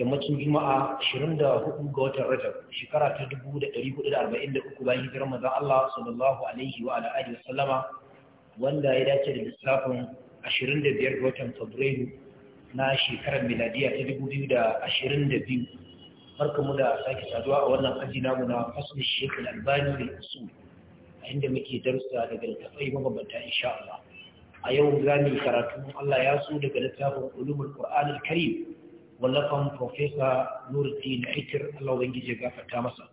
yammacin juma'a 24 ga watan rajab shekara ta 1443 bayan hijirar manzon Allah sallallahu alaihi wa alihi wasallama wanda ya dace da lissafin 25 ga watan fabrairu na shekarar miladiya ta 2022 barkamu da sake saduwa a wannan aji namu na fasul shekh al-albani da usul a inda muke darussa daga littafai mabambanta insha Allah a yau za mu karatu Allah ya so daga littafin ulumul qur'an al-karim wallafan profesa nuruddin aikir allah ubangiji gafata masa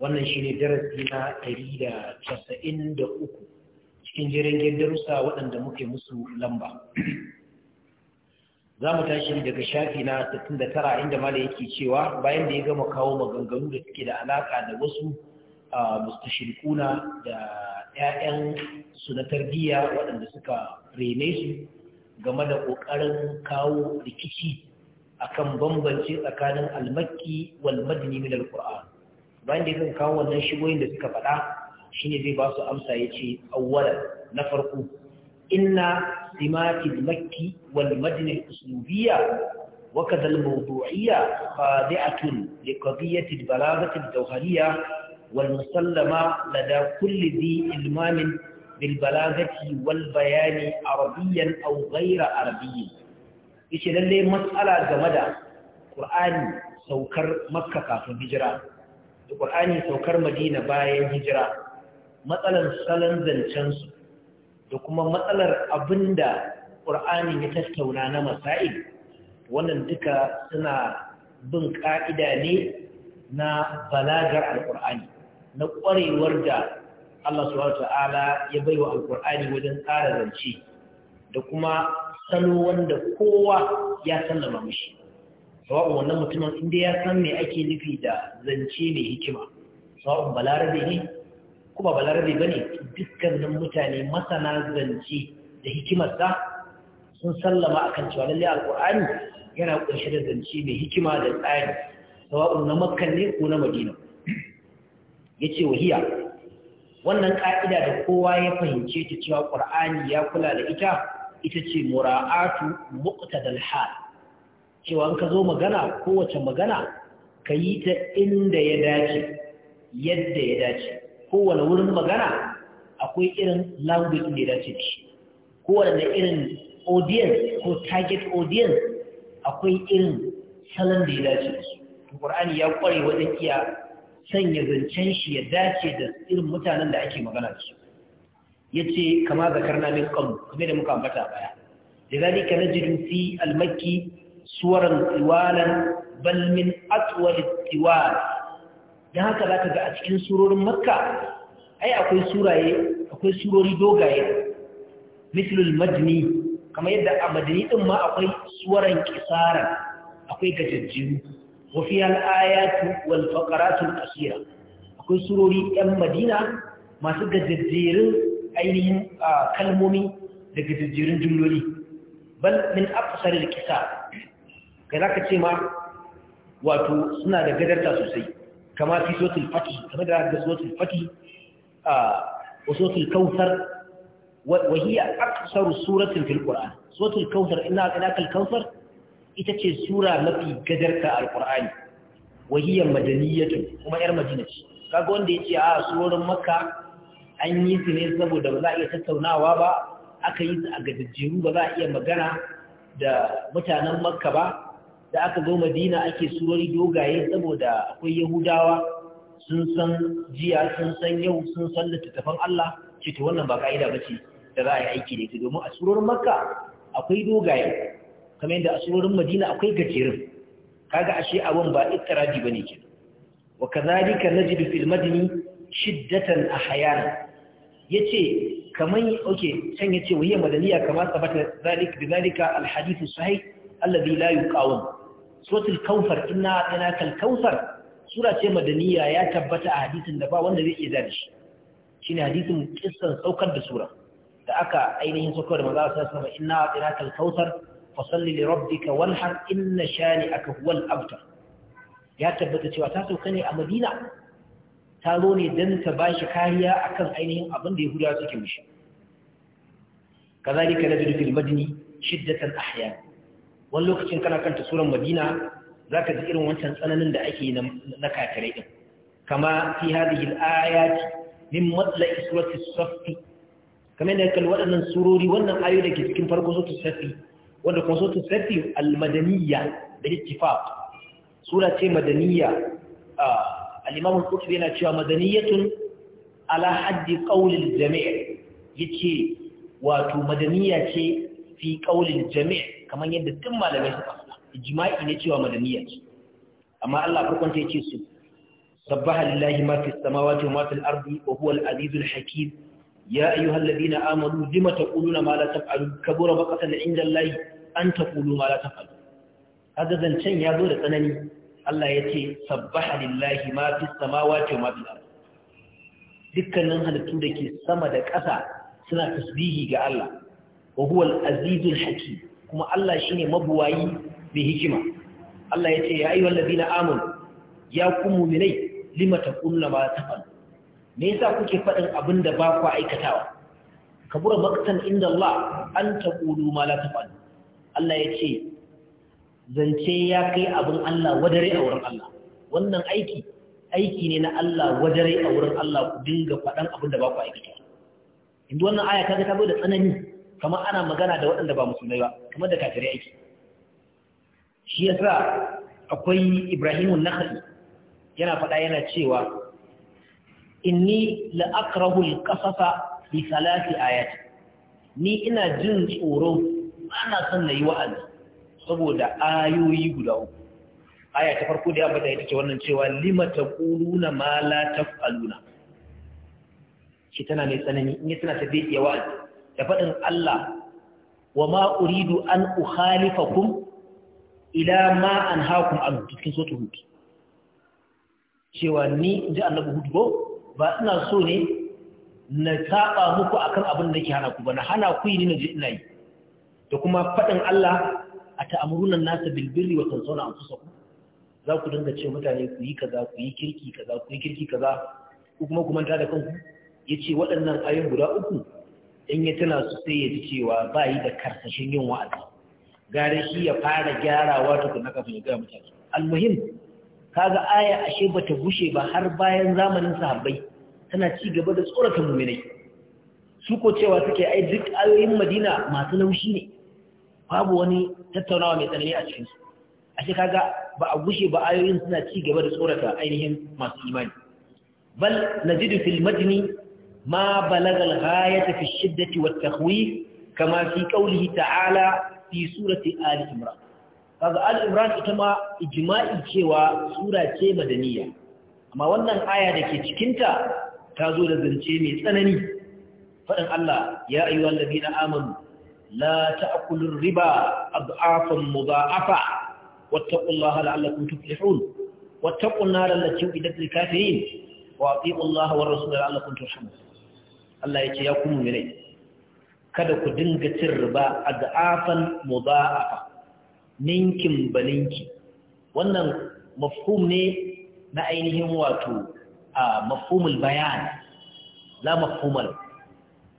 wannan shine darasi na 193 cikin jirgin darussa waɗanda muke musu lamba za mu tashi daga shafi na 69 inda mala yake cewa bayan da ya gama kawo maganganu da suke da alaka da wasu mustashirkuna da 'ya'yan su na tarbiyya waɗanda suka rene su game da ƙoƙarin kawo rikici akan bambanci tsakanin almakki wal madani min alquran bayan da zan kawo wannan shigoyin da suka faɗa shine zai ba su amsa yace awwala na farko inna simati almakki wal madani al-uslubiyya wa kadha al-mawdu'iyya khadi'atun li qadiyyati wal musallama lada kulli dhi ilmamin bil balaghati wal bayani arabiyyan aw ghayra arabiyyin yace lalle matsala game da ƙur'ani saukar Makka kafin hijira da ƙur'ani saukar Madina bayan hijira matsalar salon zancen su da kuma matsalar abinda ƙur'ani ya tattauna na masail wannan duka suna bin ƙa'ida ne na balagar alƙur'ani na ƙwarewar da Allah subhanahu wa ta'ala ya baiwa alƙur'ani wajen tsara zance da kuma salo wanda kowa ya sallama mishi sawa'un wannan mutumin inda ya san me ake nufi da zance mai hikima sawa'un balarabe ne ko ba balarabe ba ne dukkanin mutane masana zance da hikimarsa sun sallama akan cewa lallai alƙur'ani yana ƙunshe da zance mai hikima da tsari sawa'un na makkan ne ko na madina ya ce wahiya wannan ka'ida da kowa ya fahimce ta cewa ƙur'ani ya kula da ita ita ce mura'atu muqtadal hal cewa an ka zo magana kowace magana ka yi ta inda ya dace yadda ya dace kowane wurin magana akwai irin language da dace da shi kowane irin audience ko target audience akwai irin salon da ya dace da shi. Qur'ani ya ƙware wajen iya sanya zancen shi ya dace da irin mutanen da ake magana da su yace kama zakarna min qabl kuma da muka ambata baya lidhalika najidu fi al-makki suwaran tiwalan bal min atwal tiwal dan haka zaka ga a cikin surorin makka ai akwai suraye akwai surori dogaye mislul majni Kama yadda a madani din ma akwai suwaran kisara akwai gajajjiru wa fi al-ayatu wal faqaratu al-qasira akwai surori yan madina masu gajajjerun ainihin kalmomi daga jajjirin jumloli bal min afsar al-kisa kai zaka ce ma wato suna da gadarta sosai kama fi sotul fati kama da da sotul fati wa sotul kautsar wa hiya aksaru suratin fil qur'an sotul kautsar inna aqnaka al ita ce sura mafi gadarta al-qur'ani wa hiya madaniyatun kuma yar madina ce kaga wanda ya ce a ah, surorin makka an yi su ne saboda ba za a iya tattaunawa ba aka yi su a gajajjeru ba za a iya magana da mutanen makka ba da aka zo madina ake surori dogaye saboda akwai yahudawa sun san jiya sun san yau sun san littattafan Allah ce to wannan ba ka'ida ba ce da za a yi aiki da ita domin a surorin makka akwai dogaye kamar yadda a surorin madina akwai gajerun kaga ashe abin ba iktiraji ba ne ke wa kazalika najidu fil madini shiddatan ahyana yace kaman okay can ce wahiyya madaniya kama sabata zalik bidalika alhadith sahih alladhi la yuqawam suratul kawthar inna ana kal kawthar sura ce madaniya ya tabbata a hadisin da ba wanda zai iya zari shi shine hadisin kissan saukar da sura da aka ainihin saukar da manzo sallallahu alaihi wasallam inna ana kal kawthar fasalli li rabbika wanhar inna shani'aka huwal abtar ya tabbata cewa ta sauka ne a madina ta zo ne don ta ba shi kariya a kan ainihin abin da yahudawa suke Ka za mishi kazalika na jirgin madini a ahya wani lokacin kana kanta suran madina za ka ji irin wancan tsananin da ake na kafirai ɗin kama fi hadhihi al-ayati min matla'i surati as-saff kama ne kal waɗannan surori wannan ayoyi da ke cikin farko suratu safi wanda kuma suratu safi al-madaniyya da ittifaq sura ce madaniyya ah, al-imam al-qurtubi yana cewa madaniyatun ala haddi jami'a ya ce wato madaniya ce fi qawlil jami'a kamar yadda tun malamai suka faɗa Jima'i ne cewa madaniya ce amma Allah farkon ta yace su sabbaha lillahi ma fis samawati wa ma fil ardi wa huwa al-azizul hakim يا أيها الذين آمنوا لم تقولون ما لا تفعلون كبر بقة عند الله أن تقولوا ما لا تفعلون هذا ذنشين يا دور تنني Allah ya ce "Sabba halillahi ma fi samawa wa ma fi dukkanin halittu da ke sama da ƙasa suna tasbihi ga Allah wa huwa azizul haki kuma Allah shine mabuwayi mai hikima Allah ya ce ya ayyuhal na amanu ya ku mu'minai lima taquluna ma taqul me yasa kuke faɗin abin da ba ku aikatawa kabura maktan inda Allah an taqulu ma la Allah ya ce zance ya kai abin Allah wadare a wurin Allah wannan aiki aiki ne na Allah wadare a wurin Allah ku dinga faɗan abin da ba ku aikata inda wannan aya ta bai da tsanani kamar ana magana da waɗanda ba musulmai ba kamar da kafirai aiki shi yasa akwai Ibrahim an yana faɗa yana cewa inni la akrahu al-qasasa bi salati ni ina jin tsoro ana son nayi wa'azi saboda ayoyi guda uku aya ta farko da ya bata ita ce wannan cewa lima taquluna ma la taf'aluna shi tana mai tsanani in yi tana ta bai yawa da faɗin Allah wa ma uridu an ukhalifakum ila ma anhaakum an cikin sotu hudu cewa ni inji annabi hudu go ba ina so ne na saba muku akan abin da ke hana ku ba na hana ku yi ni na ji ina yi da kuma faɗin Allah a ta'amuruna nasa bil birri wa kusa ku? za ku dinga ce mutane ku yi kaza ku yi kirki kaza ku yi kirki kaza ku kuma ku manta da kanku yace waɗannan ayoyin guda uku in ya tana su sai ya ji cewa ba yi da karsashin yin wa'azi gare shi ya fara gyarawa kuma kafin ya gaya mutane almuhim kaga aya ashe bata bushe ba har bayan zamanin sahabbai tana ci gaba da tsoratan muminai su ko cewa suke ai duk ayoyin madina masu laushi ne babu wani tattaunawa mai tsanani a cikinsu a shi kaga ba a gushe ba ayoyin suna ci gaba da tsorata ainihin masu imani bal najidu fil majni ma balagal ghayata fi shiddati wat takhwif kama fi qawlihi ta'ala fi surati ali imran kaga ali imran ita ma ijma'i cewa sura ce madaniya amma wannan aya dake cikin ta ta zo da zance mai tsanani fadin Allah ya ayyuhallazina amanu لا تأكلوا الربا أضعافا مضاعفة واتقوا الله لعلكم تفلحون واتقوا النار التي وجدت للكافرين وأطيعوا الله والرسول لعلكم ترحمون الله يجي يقوم إليه kada ku dinga cin riba a da'afan mudha'afa ninkin baninki wannan mafhum ne na ainihin wato a mafhumul bayan la mafhumul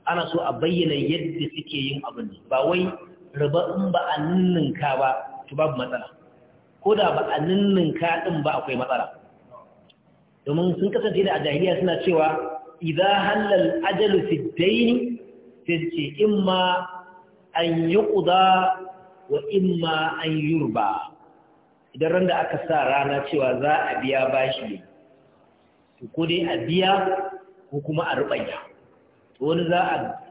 ana so a bayyana yadda suke yin abin ba wai raba in ba a ninninka ba to babu matsala ko da ba a ninninka din ba akwai matsala domin sun kasance da a jahiliya suna cewa idan halal ajalu fi daini sai ce imma an yi ƙuda wa imma an yurba idan randa aka sa rana cewa za a biya bashi ne ko dai a biya ko kuma a ruɓanya wani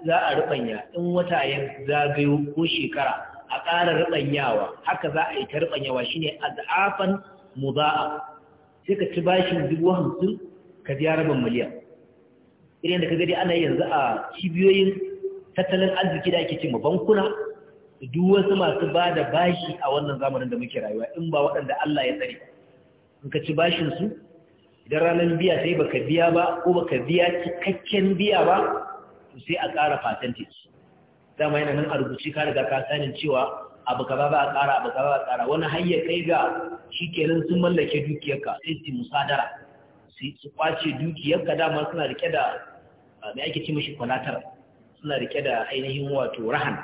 za a rubanya in wata ya zagayo ko shekara a ƙara rubanyawa haka za a yi ta rubanyawa shine azafan muda'a sai ka ci bashin dubu hamsin ka biya rabin miliyan irin da ka gani ana yanzu a cibiyoyin tattalin arziki da ake cewa bankuna duk wasu masu bada bashi a wannan zamanin da muke rayuwa in ba waɗanda Allah ya tsare in ka ci bashin su idan ranar biya sai baka biya ba ko baka biya cikakken biya ba sai a ƙara fatenti dama yana nan a rubuci ka riga ka sanin cewa abu ka ba a ƙara abu ka ba a ƙara wani hanyar kai ga shi kenan sun mallake dukiyarka sai su musadara su kwace dukiyarka dama suna rike da mai ake ci mashi kwalatar suna rike da ainihin wato rahan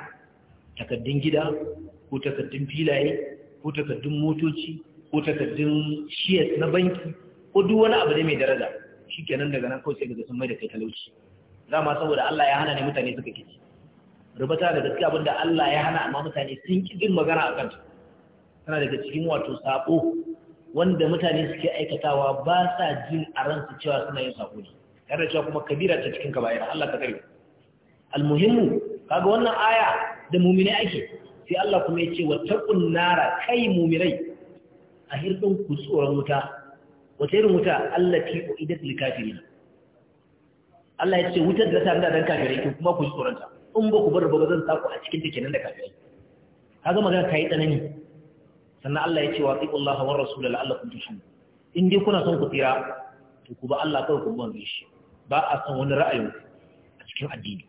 takaddun gida ko takaddun filaye ko takaddun motoci ko takaddun shiyas na banki ko duk wani abu ne mai daraja shi kenan daga nan kawai sai ga sun mai da kai talauci dama saboda Allah ya hana ne mutane suka kici rubuta da gaskiya abinda Allah ya hana amma mutane sun ki jin magana akan ta tana daga cikin wato sabo wanda mutane suke aikatawa ba sa jin a ransu cewa suna yin sabo ne kada cewa kuma kabira ta cikin kaba'ira Allah ka kare almuhimu kaga wannan aya da mu'mini ake sai Allah kuma ya ce wa taqun nara kai mumirai a hirdin ku tsoron wuta wata irin wuta allati uidat likafirin Allah ya ce wutar da ta dan kafirai kin kuma ku ji tsoron ta in ba ku bar ba zan sa ku a cikin ta kenan da kafirai ga magana yi tsanani sannan Allah ya ce wa atiqullaha war rasul la'allakum tushun in dai kuna son ku tsira to ku ba Allah kawai ku ban shi ba a son wani ra'ayin a cikin addini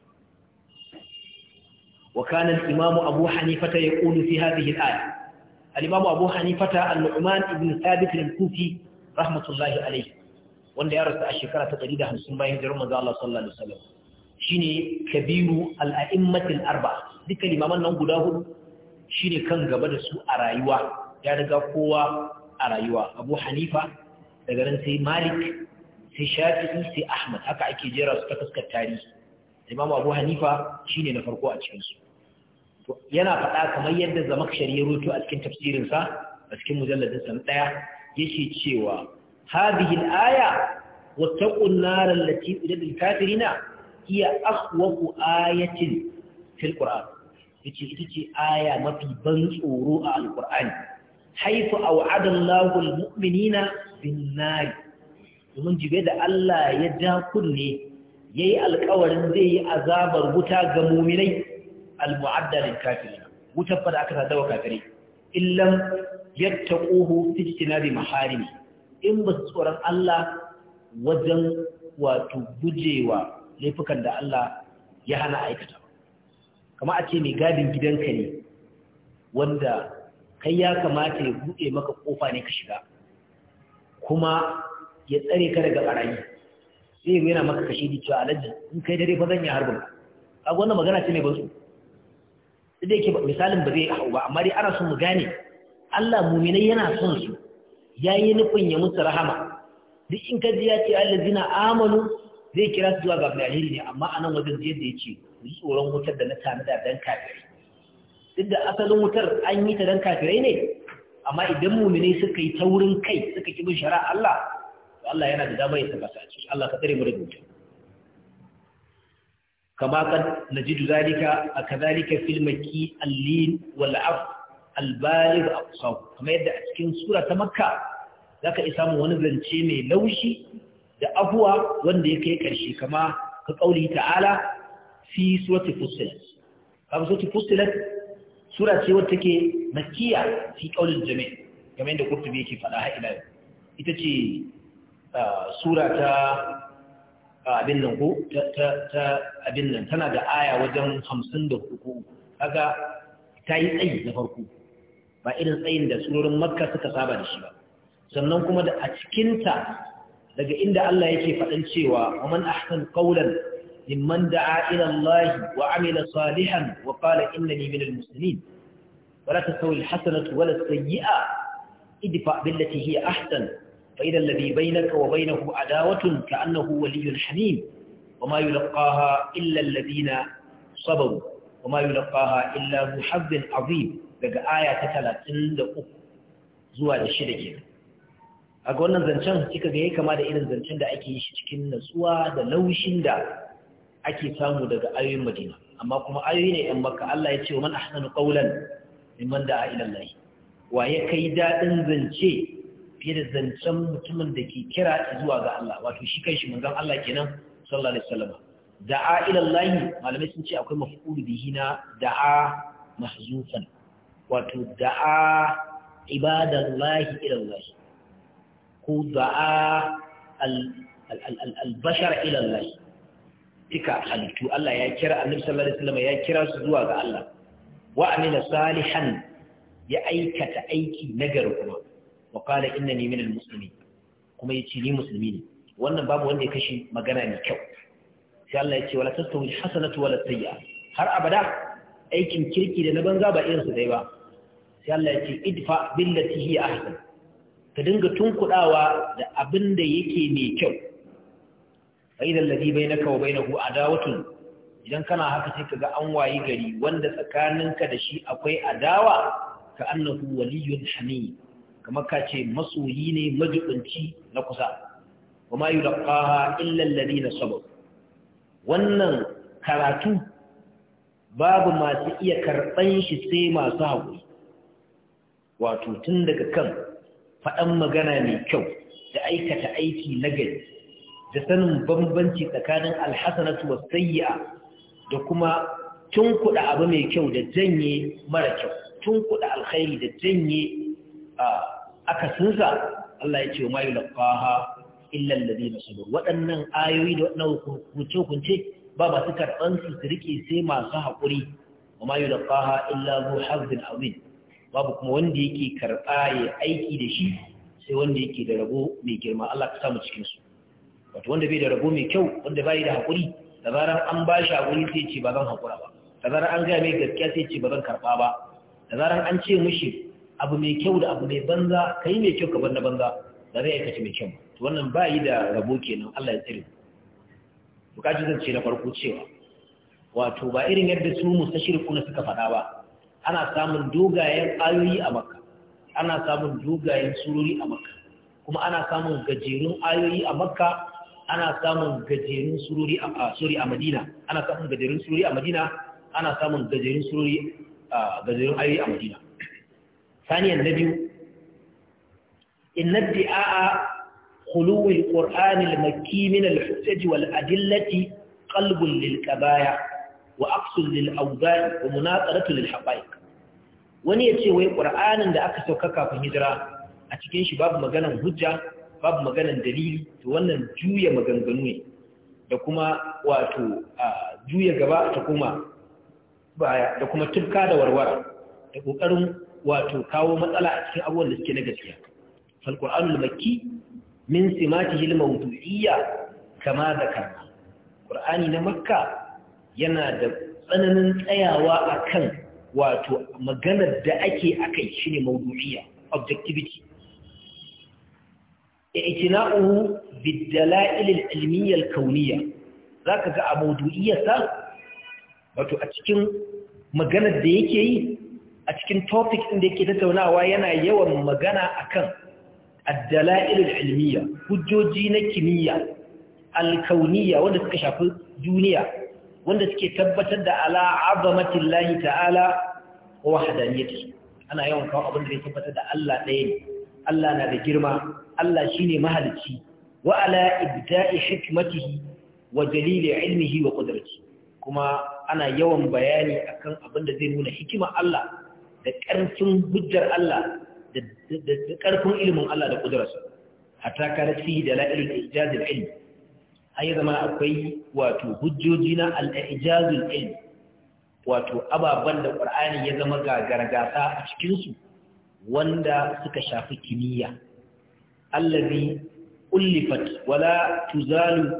wa kana al-imamu Abu Hanifa yaqulu fi hadhihi al-aya al-imamu Abu Hanifa an-Nu'man ibn Thabit al-Kufi rahmatullahi alayhi wanda ya rasu a shekara ta 150 bayan hijirar manzo Allah sallallahu alaihi wasallam shine kabiru al-a'immatil arba Duka limaman nan guda hudu shine kan gaba da su a rayuwa ya daga kowa a rayuwa Abu Hanifa daga nan sai Malik sai Shafi'i sai Ahmad haka ake jera su ta fuskar tarihi Imam Abu Hanifa shine na farko a cikinsu. yana faɗa kamar yadda Zamakshari ya rubuto a cikin tafsirin sa a cikin mujalladin sa ɗaya yake cewa هذه الآية واتقوا النار التي أجد الكافرين هي أخوف آية في القرآن تتي آية ما في بنس وروء القرآن حيث أوعد الله المؤمنين بالنار domin jibe da Allah ya ja kunne ya yi alkawarin zai yi azabar wuta ga muminai al-mu'addalin kafirin wutar fada aka sadawa kafirai illam yadda ƙoho in ba su tsoron Allah wajen wato gujewa laifukan da Allah ya hana aikata ba. kama a ce mai gadin gidanka ne wanda kai ya kamata ya buɗe maka kofa ne ka shiga kuma ya tsare ka daga ɓarayi sai yana maka kashe da cewa alaji in kai dare fa zan yi harbin kaga wannan magana ce mai ban su da yake misalin ba zai hau ba amma dai ana son mu gane Allah muminai yana son su ya yi nufin ya musu rahama duk in ka ji ya ce zina amanu zai kira su zuwa ga alheri ne amma a nan wajen yadda ya ce ku yi tsoron wutar da na da dan kafirai duk da asalin wutar an yi ta dan kafirai ne amma idan mumini suka yi taurin kai suka ki bin shari'a Allah to Allah yana da damar ya saka su a ciki Allah ka tsare mu da wuta kama kan najidu zalika akadhalika fil maki allin wal af albalig aqsaw kamar yadda a cikin sura ta makka zaka isa mu wani zance mai laushi da afuwa wanda ya kai karshe kama ka kauli ta'ala fi surati fussilat kaga surati fussilat sura ce wacce take makkiya fi kaulin jami' kamar yadda kurtubi yake faɗa har ila ita ce ah, sura ta ah, abin nan ko ta abin nan tana da aya wajen hamsin da hukuku kaga ta yi tsayi na farko ba irin tsayin da surorin makka suka saba da shi ba sannan kuma da a cikinta daga inda Allah yake faɗin cewa wa man ahsan qawlan mimman da'a ila Allah wa amila salihan wa qala innani minal muslimin wala tasawi alhasanatu wala sayyi'a idfa billati hiya ahsan fa idha alladhi baynaka wa baynahu adawatun ka'annahu waliyyun hamim وما يلقاها إلا الذين صبروا وما يلقاها إلا ذو عظيم daga aya ta talatin da uku zuwa da shida ke a ga wannan zancen kika ga ya kama da irin zancen da ake yi shi cikin natsuwa da laushin da ake samu daga ayoyin madina amma kuma ayoyi ne yan makka Allah ya ce wa man ahsanu qawlan mimman da'a ila Allah wa ya kai dadin zance fiye da zancen mutumin da ke kira zuwa ga Allah wato shi kai shi manzon Allah kenan sallallahu alaihi wasallam da'a ila Allah malamai sun ce akwai maf'ul bihi na da'a mahzufan wato da'a ibadallahi ilallahi ko da'a albashar ilallahi duka halittu Allah ya kira annabi sallallahu alaihi wasallam ya kira su zuwa ga Allah wa salihan ya aikata aiki nagari kuma wa qala innani minal muslimin kuma yace ni musulmi ne wannan babu wanda ya kashe magana mai kyau sai Allah ya ce wala tastawi hasanatu wala sayyi'a har abada aikin kirki da na banza ba irin su dai ba sai Allah ya ce idfa billati hi ahsan ka dinga tunkudawa da abin da yake mai kyau fa idan ladhi bainaka wa bainahu adawatun idan kana haka sai kaga an wayi gari wanda tsakaninka da shi akwai adawa ka annahu waliyyun hamid kamar ka ce masoyi ne majibinci na kusa wa ma yulqaha illa alladhina sabaru wannan karatu babu masu iya karɓan shi sai masu haƙuri wato tun daga kan faɗan magana mai kyau da aikata aiki na gari da sanin bambanci tsakanin alhassanatu wasu sayya da kuma tun kuɗa abu mai kyau da janye mara kyau tun kuɗa alkhairi da janye akasinsa Allah ya ce ma yulqaha illa alladhina sabaru waɗannan ayoyi da waɗannan hukunce-hukunce ba masu karɓan su rike sai masu haƙuri wa ma yulqaha illa zu hazzin abin. babu kuma wanda yake karɓa ya aiki da shi sai wanda yake da rabo mai girma Allah ka samu cikin su wato wanda bai da rabo mai kyau wanda bai da hakuri da zarar an ba shi hakuri sai ce ba zan hakura ba da zarar an gaya mai gaskiya sai ce ba zan karɓa ba da zarar an ce mushi, abu mai kyau da abu mai banza kai mai kyau ka bar na banza da zai aikata mai kyau to wannan ba yi da rabo kenan Allah ya tsare bukatu zan ce na farko cewa wato ba irin yadda su mustashirku na suka faɗa ba ana samun dogayen ayoyi a makka ana samun dogayen surori a makka kuma ana samun gajerun ayoyi a makka ana samun gajerun surori a sori a madina ana samun gajerun surori a madina ana samun gajerun surori gajerun ayoyi a madina saniyan na biyu inna di'a khuluwil qur'anil makki min al-hujaj wal adillati qalbun lil qabaya wa aqsul lil awzan wa munaqaratu lil haqaiq wani yace wai qur'anin da aka sauka kafin hijira a cikin shi babu maganan hujja babu maganan dalili to wannan juya maganganu ne da kuma wato juya gaba ta kuma baya da kuma tufka da warware, da kokarin wato kawo matsala a cikin abubuwan da suke na gaskiya fal qur'anul makki min simatihi al mawdu'iyya kama zakarna qur'ani na makka yana da tsananin tsayawa a kan wato maganar da ake a kai shi ne maudu'iya objectivity itina'uhu biddala'ilil kauniya, za ka ga a maudu'iyarsa wato a cikin maganar da yake yi a cikin topic ɗin da yake tattaunawa yana yawan magana akan addala'ilil ilmiyya hujjoji na kimiyya alkauniya, wanda suka shafi duniya wanda suke tabbatar da ala azamatin lahi ta'ala ko wahadaniyati ana yawan kawo abin da ya tabbatar da Allah ɗaya ne Allah na da girma Allah shine mahalicci wa ala ibda'i hikmatihi wa dalil ilmihi wa qudratihi kuma ana yawan bayani akan abin da zai nuna hikima Allah da ƙarfin hujjar Allah da ƙarfin ilimin Allah da ƙudurarsa hatta kana fi da la'ilin ijazil ilmi a yi zama akwai wato hujjoji na al'ijazul il wato ababen da ƙwar'ani ya zama ga gargasa a cikinsu wanda suka shafi kimiyya allazi ullifat wala tuzalu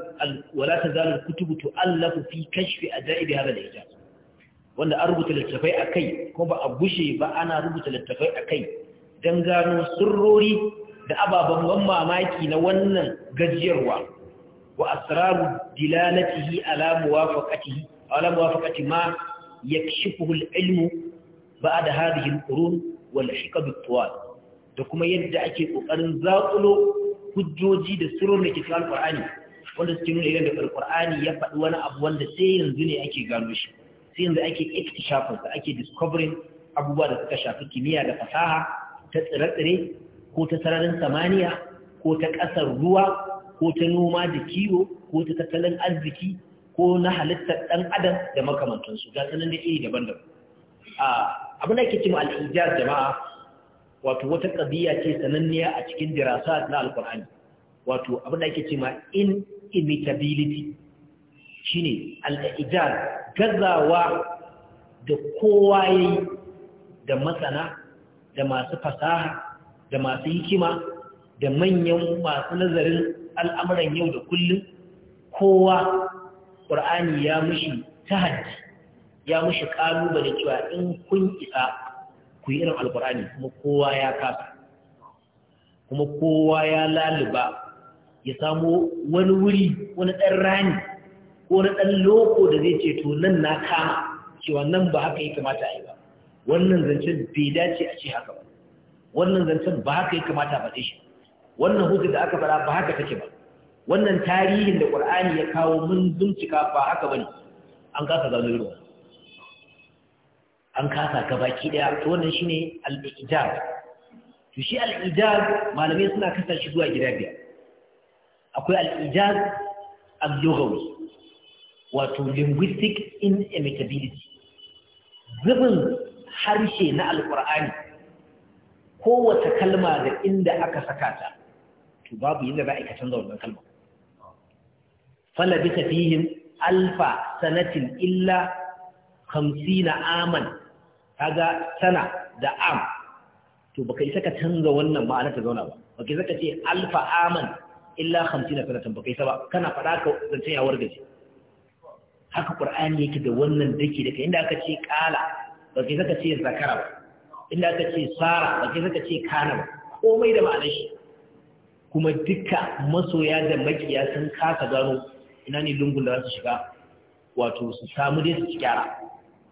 wala kutubu to tu'allafu fi kashfi ajaibi hada al-ijaz wanda an rubuta littafai akai kuma ba a gushe ba ana rubuta littafai akai dan gano sirrori da ababen mamaki na wannan gajiyarwa وأسرار دلالته على ilmu على da ما يكشفه العلم بعد هذه القرون Da kuma yadda ake وقرن زاقلو hujjoji da sirrin da ke cikin alkur'ani wanda suke nuna irin da alkur'ani ya faɗi wani abu wanda sai yanzu ne ake gano shi sai yanzu ake iktishafa da ake discovering abubuwa da suka shafi kimiyya da fasaha ta tsire-tsire ko ta sararin samaniya ko ta ƙasar ruwa ko ta noma da kiwo ko ta tattalin arziki ko na halittar ɗan adam da makamantansu ga sanan da iri daban-daban abin da ke cin al'ijar jama'a wato wata ƙabiya ce sananniya a cikin dirasa na alƙur'ani wato abin da ke in imitability shi ne al'ijar gazawa da kowa ya yi da masana da masu fasaha da masu hikima da manyan masu nazarin al'amuran yau da kullum kowa ƙur'ani ya mushi ta haddi ya mushi ƙalubale cewa in kun isa ku yi irin alƙur'ani kuma kowa ya kafa kuma kowa ya laluba ya samo wani wuri wani ɗan rani ko wani ɗan loko da zai ce to nan na kama cewa nan ba haka ya kamata a yi ba wannan zancen bai dace a ce haka ba wannan zancen ba haka ya kamata ba faɗe shi wannan hujja da aka fara ba haka take ba wannan tarihin da ƙur'ani ya kawo mun bincika ba haka bane an kasa gano irin an kasa ka baki daya to wannan shine al-ijab to shi al-ijab malamai suna kasa shi zuwa gida biyar akwai al-ijab al-lughawi wato linguistic inimitability zubin harshe na alkur'ani kowace kalma da inda aka saka ta to babu yadda za a ka canza wannan kalma falabisa fihim alfa sanatin illa hamsina aman kaga sana da am to baka isa ka canza wannan ma'ana ta zauna ba baka isa ka ce alfa aman illa hamsina sanatan baka isa ba kana faɗa ka zance ya wargaje haka ƙur'ani yake da wannan dake daga inda aka ce qala baka isa ka ce zakara ba inda aka ce sara baka isa ka ce kana ba komai da ma'anar shi kuma duka masoya da makiya sun kasa gano ina ne lungun da za su shiga wato su samu dai su gyara.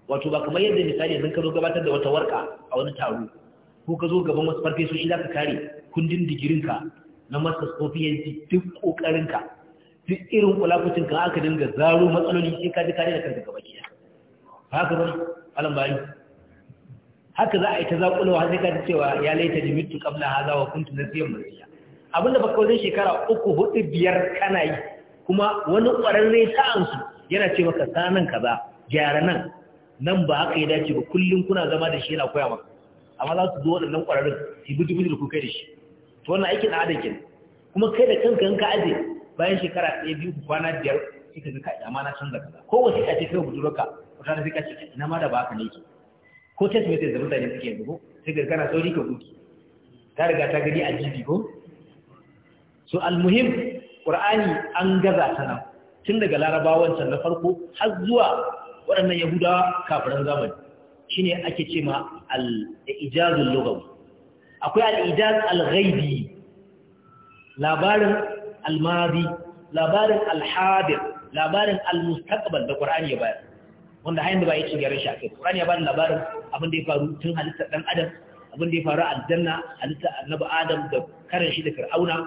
wato ba kamar yadda misali yanzu ka zo gabatar da wata warka a wani taro ko ka zo gaban wasu shi za ka kare kundin digirinka na masa tsofiyanci duk ƙoƙarinka duk irin kulakucin ka aka dinga zaro matsaloli sai ka ji kare da kanka gaba gida haka ba alam bari haka za a yi ta zaƙulawa har sai ka ji cewa ya laita jimitu kamna haza wa kuntu siyan masiya abinda baka wajen shekara uku hudu biyar kana yi kuma wani ƙwararre ta'ansu yana ce maka sanan kaza gyara nan nan ba haka ya dace ba kullum kuna zama da shi yana koya maka amma za su zo waɗannan ƙwararrun su bi dubu da kuka da shi to wannan aikin al'ada ke kuma kai da kanka in ka aje bayan shekara ɗaya biyu ku kwana biyar sai ka ga ka amma na canza kaza ko wasu ka ce kai budurarka wata na sai ka ce ina ma da ba haka ne ke ko test message da mutane suke yanzu ko sai ka kana sauri ka guki ta riga ta gani a jibi ko so almuhim qur'ani an gaza ta nan tun daga larabawan can na farko har zuwa waɗannan yahudawa kafiran zamani shine ake ce ma al-ijazul lughawi akwai al-ijaz al-ghaibi labarin al-madi labarin al-hadir labarin al-mustaqbal da qur'ani ya bayar wanda hayin da ba yake gyaran shi akai qur'ani ya bani labarin abin da ya faru tun halittar dan adam abin da ya faru aljanna halittar annabi adam da karen shi da fir'auna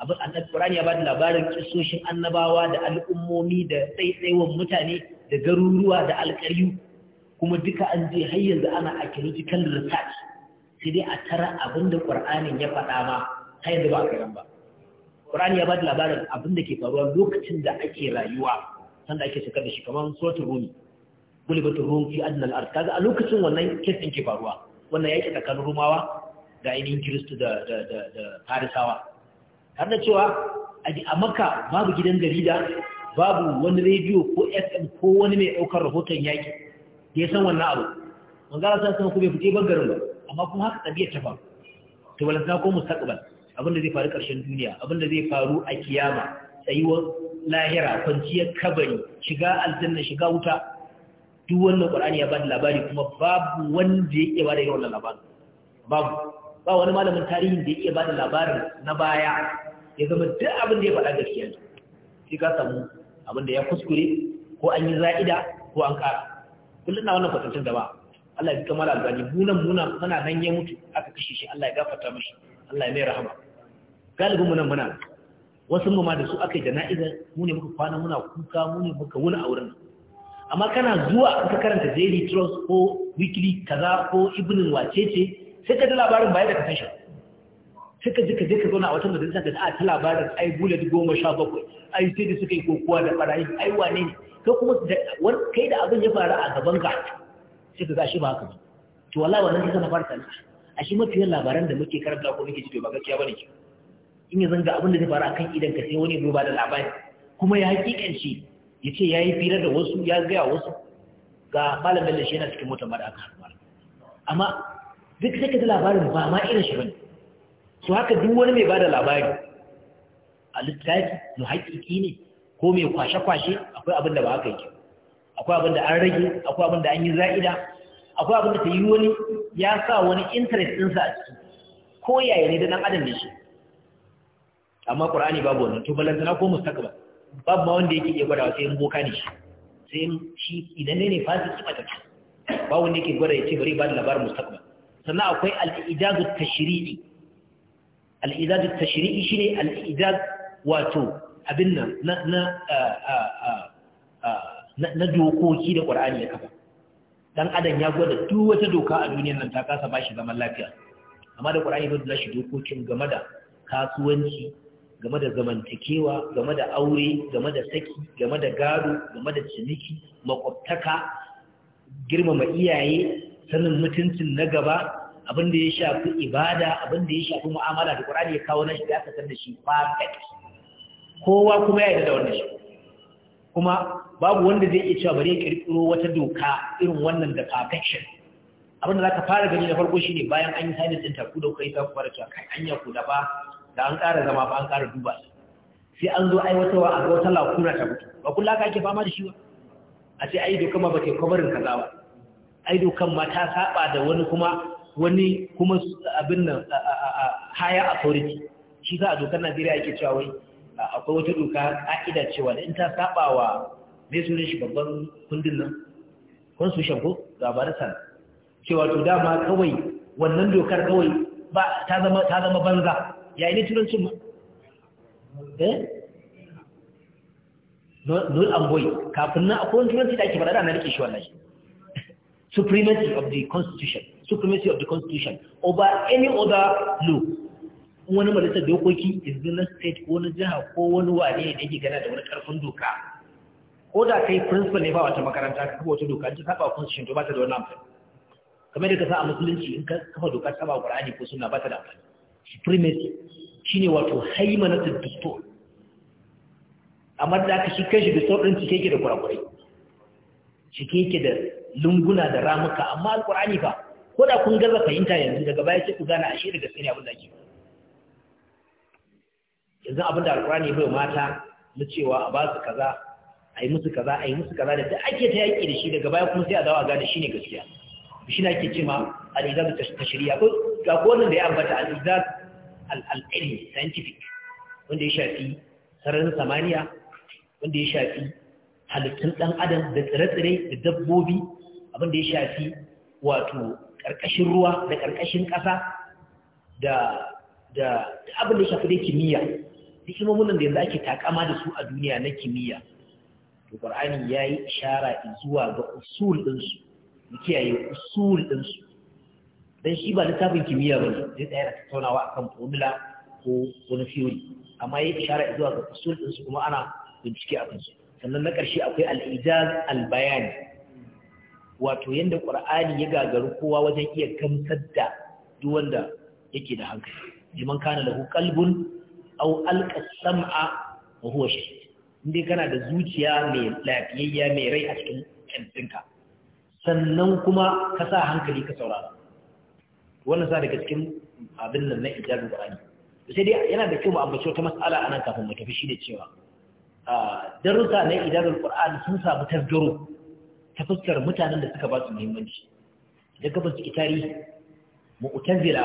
abin annabi ya bada labarin kisoshin annabawa da al'ummomi da tsaitsaiwan mutane da garuruwa da alƙaryu kuma duka an je har yanzu ana critical research sai dai a tara abin da Qur'anin ya faɗa ma har yanzu ba a karan ba Qur'ani ya bada labarin abin da ke faruwa lokacin da ake rayuwa sanda ake shiga da shi kamar suratul rumi gulibatul rum fi adnal ard kaga a lokacin wannan kisan ke faruwa wannan yake tsakanin rumawa da ainihin kiristu da da da farisawa har da cewa a maka babu gidan garida babu wani rediyo ko fm ko wani mai ɗaukar rahoton yaki da ya san wannan abu manzara san san kuma fice bangaren ba amma kuma haka tabiyar ta faru to ta ko mustaqbal abin da zai faru karshen duniya abin da zai faru a kiyama tsayuwar lahira kwanciyar kabari shiga aljanna shiga wuta duk wannan qur'ani ya bada labari kuma babu wanda ya iya bada wannan labarin babu ba wani malamin tarihin da ya iya bada labarin na baya ya zama duk abin da ya faɗa gaskiya ne sai ka samu abin da ya kuskure ko an yi za'ida ko an ƙara kullum na wannan da ba. Allah ya kamar albani munan munan, muna nan ya mutu aka kashe shi Allah ya gafarta mashi, Allah ya mai rahama galibin mu nan muna wasu mu ma da su aka yi jana'iza mu ne muka kwana muna kuka mu ne muka wuni a wurin amma kana zuwa ka karanta daily trust ko weekly kaza ko ibnin wacece sai ka ji labarin bayan da ka san shi suka jika ka je ka zauna a wata majalisa a ta labarin ai da goma sha bakwai ai sai da suka yi kokowa da barayi ai wane ne ko kuma kai da abin ya faru a gaban ka sai ka gashi ba haka ba to wallahi wannan kisa na fara tsani a shi mafi labaran da muke karanta ko muke ji ba gaskiya bane ki in ya zanga abin da zai faru akan idan ka sai wani ya ba da labari kuma ya hakikanci ya ce ya yi fira da wasu ya gaya wasu ga malam da shi yana cikin motar da aka amma duk sai ka ji labarin ba ma irin shi bane su haka duk wani mai bada labari a littafi mu haƙiƙi ne ko mai kwashe-kwashe akwai abin da ba haka yake akwai abin da an rage akwai abin da an yi za'ida akwai abin da ta yi wani ya sa wani interest sa a ciki ko yaya ne da ɗan adam ne shi amma ƙur'ani babu wannan to na ko mustaqbal babu ma wanda yake iya gwadawa sai in boka ne shi sai shi idan ne ne fasiki matacce ba wanda yake gwada ya ce bari ba da labarin mustaqbal sannan akwai al-ijazu tashri'i al'izaz tashri'i shine al'izaz wato abin nan na dokoki da ƙur'ani ya kafa dan adam ya gwada duk wata doka a duniyar nan ta kasa bashi zaman lafiya amma da Qur'ani bai shi dokokin game da kasuwanci game da zamantakewa game da aure game da saki game da gado game da ciniki makwabtaka girmama iyaye sanin mutuncin na gaba abin da ya shafi ibada abin da ya shafi mu'amala da Qur'ani ya kawo nashi ya kasar da shi perfect kowa kuma ya yarda da wannan shi kuma babu wanda zai iya cewa bari ya kirkiro wata doka irin wannan da perfection abin da zaka fara gani da farko shine bayan an yi signing ɗin taku da kai ku fara cewa kai anya ku da ba da an ƙara zama ba an ƙara duba sai an zo aiwatarwa a wata lakuna ta mutu ba kullum ka ake fama da shi ba a ce ai dokan ma ba ta kwabarin kaza ba ai dokan ma ta saba da wani kuma wani kuma abin nan haya authority shi za a dokar najeriya yake cewa wai akwai wata doka ka'ida cewa da in ta saba wa mai sunan shi babban kundin nan constitution ko labarin sana cewa to dama kawai wannan dokar kawai ba ta zama ta zama banza yayin ne turancin ma eh null and void kafin na akwai turanci da ake faɗa da na rike shi wallahi supremacy of the constitution supremacy of the constitution over any other law wani majalisar dokoki is the state ko na jiha ko wani wane da yake gana da wani karfin doka ko da kai principal ne ba wata makaranta ka kafa wata doka ta saba constitution to ba ta da wani amfani kamar da ka sa a musulunci in ka kafa doka ta saba qur'ani ko sunna ba ta da amfani supremacy shine wato haimanatul dustur amma da aka shi kai shi da din cike yake da kurakurai cike yake da lunguna da ramuka amma alqur'ani ba. ko da kun gaza fahimta yanzu daga baya ce ku gane ashe shirin gaske ne abin da ke yi yanzu abin da alƙur'ani bai mata na cewa a ba su kaza a yi musu kaza a yi musu kaza da duk ake ta yaƙi da shi daga baya kuma sai a dawo a gane shi ne gaskiya shi na ke ce ma al'izar ta shirya ko ga kowannan da ya ambata al'izar al'ilmi scientific wanda ya shafi sararin samaniya wanda ya shafi halittun ɗan adam da tsire-tsire da dabbobi abin da ya shafi wato ƙarƙashin ruwa da ƙarƙashin ƙasa da abin da shafi dai kimiyya da imomin da yanzu ake takama da su a duniya na kimiyya to ya yayi ishara zuwa ga usul mu kiyaye usul din su dan shi ba littafin kimiyya ne, zai tsaya da tattaunawa akan formula ko wani theory amma yayi ishara zuwa ga usul din kuma ana bincike akan su sannan na ƙarshe akwai al al-bayani wato yanda qur'ani ya gagaru kowa wajen iya gamsar da duk wanda yake da hankali liman kana lahu qalbun aw alqa sam'a wa huwa shahid kana da zuciya mai lafiyayya mai rai a cikin kantinka sannan kuma ka sa hankali ka saurara wannan sa daga cikin abin nan na ijabin qur'ani sai dai yana da kyau mu ambaci wata mas'ala anan kafin mu tafi shi da cewa ah, darussa na ijabin qur'ani sun samu tasgaro ta mutanen da suka ba su muhimmanci da gabas su itari mu'tazila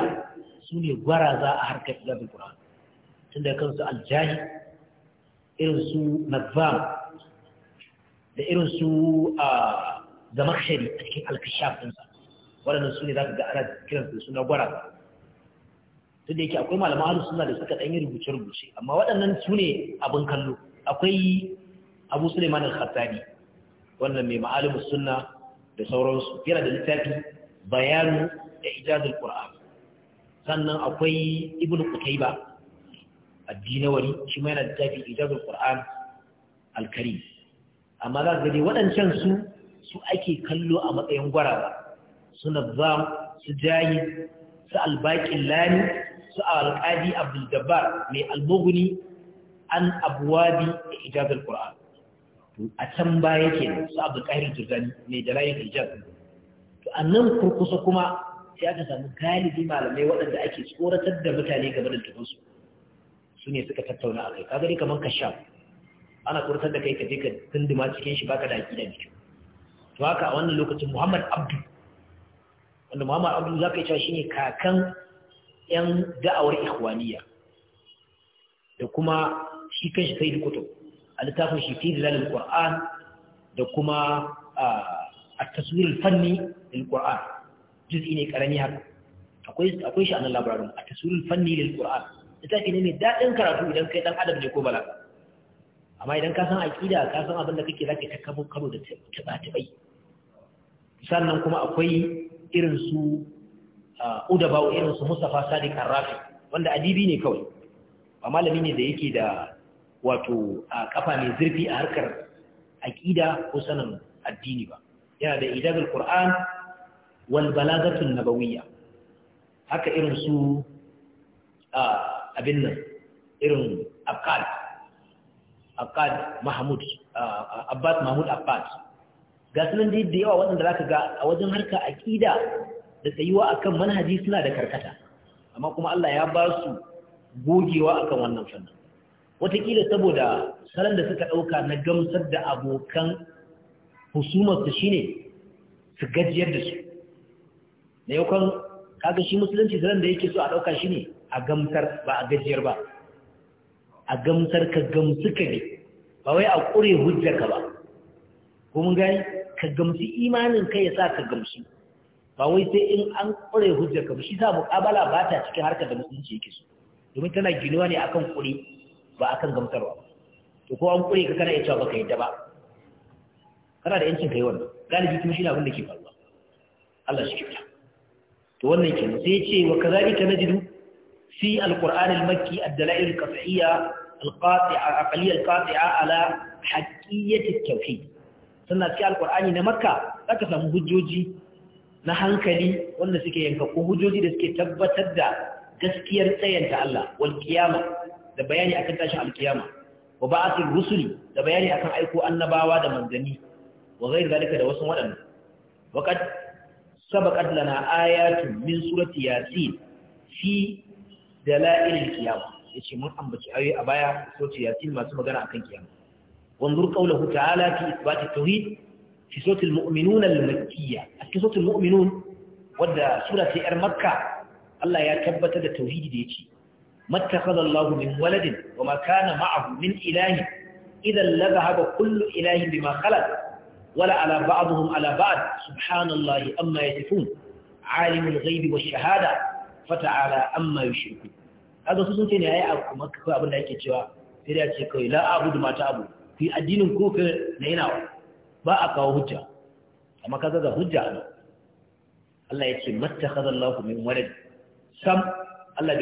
su ne gwaraza a harkar ilabin ƙura tun kansu aljahi irin su nazam da irin su a zamakshari a cikin alkashaf ɗinsa waɗannan su ne za ka ga ana su suna gwaraza duk da yake akwai malaman ahlus sunna da suka dan yi rubuce rubuce amma waɗannan su ne abin kallo akwai Abu Sulaiman al-Khattabi wannan mai ma'alimus sunna da sauransu yana da littafi bayanu da ijazul qur'an sannan akwai ibnu qutayba addinawari shi ma yana da littafi ijazul qur'an al-karim amma za ka ga waɗancan su su ake kallo a matsayin ba su nazzam su jayi su albaƙin lani su alƙadi abdul jabbar mai almuguni an abuwabi da ijazul qur'an a can baya ke su abu ƙari turgani mai da layin hijab to a nan kurkusa kuma sai aka samu galibi malamai waɗanda ake tsoratar da mutane game da tukunsu su ne suka tattauna a kai kaga dai kamar sha. ana tsoratar da kai ka je ka tunduma cikin shi baka da aƙida mai kyau to haka a wannan lokacin muhammad abdu wanda muhammad abdu za ka yi cewa shine kakan yan da'awar ikhwaniya da kuma shi kanshi sai da kutub a littafin shi fi zilalin ƙwar'an da kuma a taswirar fanni lil ƙwar'an ne ƙarami haka akwai shi a nan labararin a taswirar fanni lil littafi ne mai daɗin karatu idan kai ɗan adam ne ko Bala, amma idan ka san aƙida ka san abin da kake za ka ta kabo karo da taɓa sannan kuma akwai irin su udabawa irin su mustapha sadiq arrafi wanda adibi ne kawai ba malami ne da yake da wato a kafa mai zurfi a harkar aƙida ko sanin addini ba yana da idabul qur'an wal balagatun nabawiyya haka irin su abin nan irin akkad akkad mahmud abbas mahmud abbas ga sunan da yawa waɗanda za ka ga a wajen harka aƙida da tsayuwa akan manhaji suna da karkata amma kuma Allah ya ba su gogewa akan wannan fannin watakila saboda salon da suka ɗauka na gamsar da abokan husumarsu shine su gajiyar da su da yaukan kaga shi musulunci salon da yake so a ɗauka shine a gamsar ba a gajiyar ba a gamsar ka gamsu ka ne ba wai a ƙure ka ba ko mun gani ka gamsu imanin kai ya sa ka gamsu ba wai sai in an ƙure ka ba shi sa muƙabala ba ta cikin harkar da musulunci yake so domin tana ginuwa ne akan ƙure ba a akan gamsarwa to ko an kure ka kana iya cewa baka yadda ba kana da yancin kai wannan galibi kuma shine abin da ke faruwa Allah shi kyauta to wannan kenan sai ce wa kazalika najidu fi alquran almakki ad-dalail al-qat'iyya al-qati'a aqliyya al-qati'a ala haqqiyyati at-tauhid sannan cikin alqur'ani na makka zaka samu hujjoji na hankali wanda suke yanka ko hujjoji da suke tabbatar da gaskiyar tsayanta Allah wal kiyama da bayani akan tashin alkiyama wa ba'athir rusuli da bayani akan aiko annabawa da manzanni wa ghayr zalika da wasu wadannan wa qad sabaqat lana ayatun min surati yasin fi dalail alkiyama yace mun ambaci ayoyi a baya surati yasin masu magana akan kiyama wanzur qawluhu ta'ala fi ithbati tauhid fi surati almu'minun almakkiyya aski surati almu'minun wadda sura yar makka Allah ya tabbatar da tauhidi da yake mattakhadha Allahu min waladin wa ma kana ma'ahu ilahi idan la dhahaba kullu ilahin bima khalaq wala ala ba'dihim ala ba'd subhanallahi amma yasifun alimul ghaibi wash shahada fata'ala amma yushrikun kaga su sun ce ne ai abu makka abin da yake cewa sai da ce kai la abudu ma ta abu fi addinin ko ka na ba a kawo hujja amma kaga ga hujja ne Allah ya ce mattakhadha min sam Allah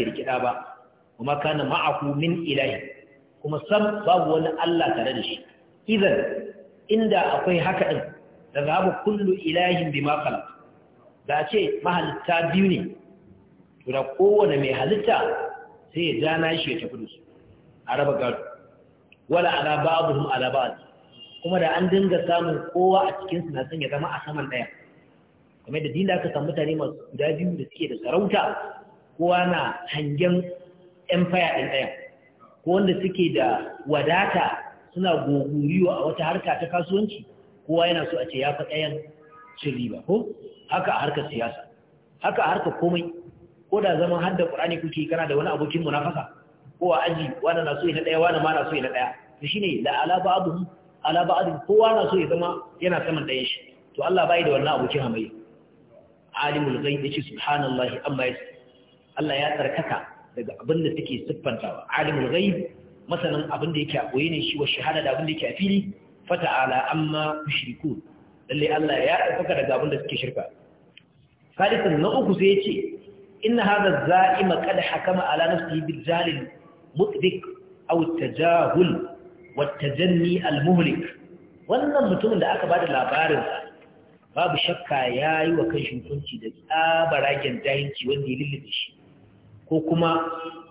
ba kuma kana ma'ahu min ilahi kuma sam babu wani Allah tare da shi idan inda akwai haka din da zabu kullu ilahin bima khalaq da ce mahalitta biyu ne to da kowane mai halitta sai ya dana shi ya tafi da su a raba gado wala ala ba'dhum ala ba'd kuma da an dinga samun kowa a cikin su na san ya zama a saman daya Kuma da dinda aka samu mutane masu guda biyu da suke da sarauta kowa na hangen empire ɗin daya ko wanda suke da wadata suna goguriwa a wata harka ta kasuwanci kowa yana so a ce ya fi ɗayan cin riba ko haka a harkar siyasa haka a harkar komai ko da zaman har da ƙur'ani kuke kana da wani abokin munafasa ko a aji wani na so ya na ɗaya wani ma na so ya na ɗaya to shine la ala abu ala ba'dhum kowa na so ya zama yana saman ɗayan shi to Allah bai da wannan abokin hamayya alimul ghaibi subhanallahi amma yasir Allah ya tsarkaka daga abin da suke siffantawa alimul ghaib masanin abin da yake a koyi ne shi wa shahada da abin da yake a fili fata'ala amma yushriku lalle Allah ya dauka daga abin da suke shirka salisan na uku sai yace in hadha za'ima qad hakama ala nafsihi bil jalil mutbik aw tajahul wat tajanni al-muhlik wannan mutumin da aka bada labarin babu shakka yayi wa kan hukunci da tsabaragen jahilci wanda ya lillibe shi ko kuma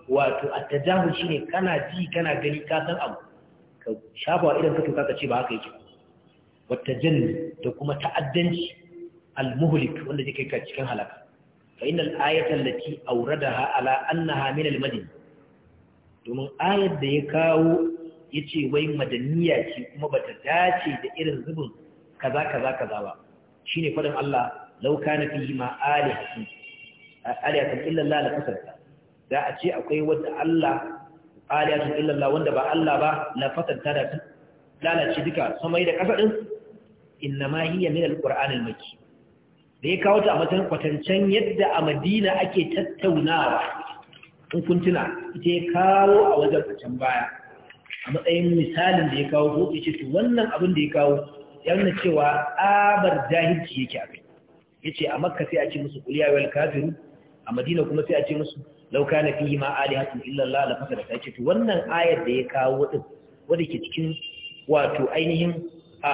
wato shi shine kana ji kana gani ka abu ka shafa wa idan ka tuka ka ce ba haka yake wata janni da kuma ta'addanci al-muhlik wanda yake ka cikin halaka fa innal ayata allati awradaha ala annaha min al-madini domin ayar da ya kawo yace wai madaniya ce kuma bata dace da irin zubin kaza kaza kaza ba shine fadin Allah law kana fihi ma alihatun alihatun illa Allah la kasarta Za a ce akwai wata Allah aliyatun illallah wanda ba Allah ba la da su lalace duka samai da ƙasa ɗin inna ma hiya min alqur'an almaki da ya kawo ta a matan kwatancen yadda a Madina ake tattaunawa in kun ita ya kawo a wajen a baya a matsayin misalin da ya kawo ko ce to wannan abin da ya kawo ya cewa abar jahilci yake a kai ya ce a makka sai a ce musu kuliya wal kafiru a madina kuma sai a ce musu law kana fihi ma alihatun illa Allah la fasadata ce to wannan ayar da ya kawo din wanda ke cikin wato ainihin a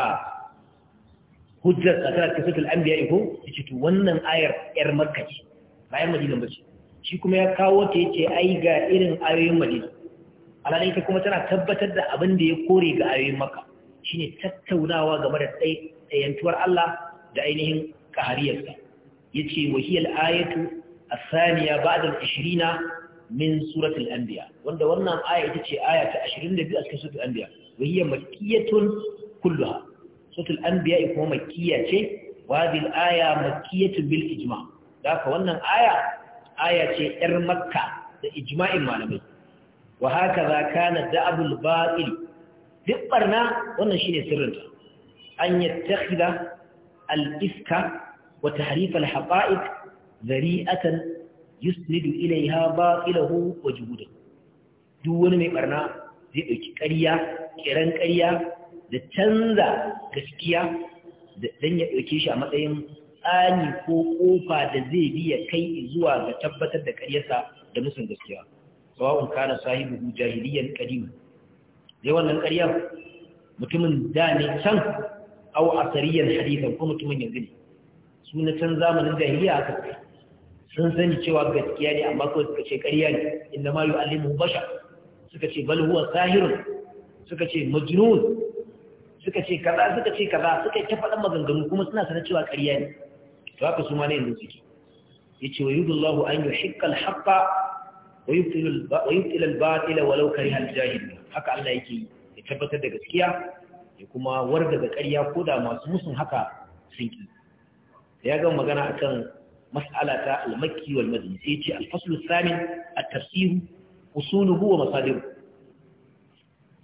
hujjar tsakarar kasatul anbiya ko ce to wannan ayar yar makka ce bayan madina bace shi kuma ya kawo ta yace ai ga irin ayoyin madina alalai ta kuma tana tabbatar da abin da ya kore ga ayoyin makka shine tattaunawa game da tsayantuwar Allah da ainihin kahariyarsa yace wahiyal ayatu الثانية بعد العشرين من سورة الأنبياء وعند ورنا آية تتشي آية عشرين لبيئة كسورة الأنبياء وهي مكية كلها سورة الأنبياء يكون مكية وهذه الآية مكية بالإجماع ذاك ورنا آية آية إر مكة إجماع معلمين وهكذا كان دعب الباطل ذكرنا وانا شيء سرنا أن يتخذ الإفك وتحريف الحقائق zari'atan yusnidu ilaiha baqilahu wa juhudahu duk wani mai barna zai dauki ƙarya kiran ƙarya da canza gaskiya dan ya dauke shi a matsayin tsani ko kofa da zai bi ya kai zuwa ga tabbatar da ƙaryarsa da musun gaskiya sawa'un kana sahibu jahiliyan qadim dai wannan ƙarya mutumin da ne can aw asariyan hadithan ko mutumin yanzu ne sunan zamanin jahiliya aka kai sun sani cewa gaskiya ne amma kawai suka ce ƙarya ne inda ma yu'allimuhu bashar suka ce bal huwa sahirun suka ce majnun suka ce kaza suka ce kaza suka ta faɗan maganganu kuma suna sanar cewa ƙarya ne to haka su ma ne yanzu suke yace wa yudullahu an yuhiqqa al-haqqa wa yubtila al-batila walau kariha al-jahil haka Allah yake ya tabbatar da gaskiya ya kuma war daga ƙarya ko da masu musun haka sun ki ya ga magana akan mas'ala ta al-makki wal madani sai ce al-fasl al-thamin at-tafsir usuluhu wa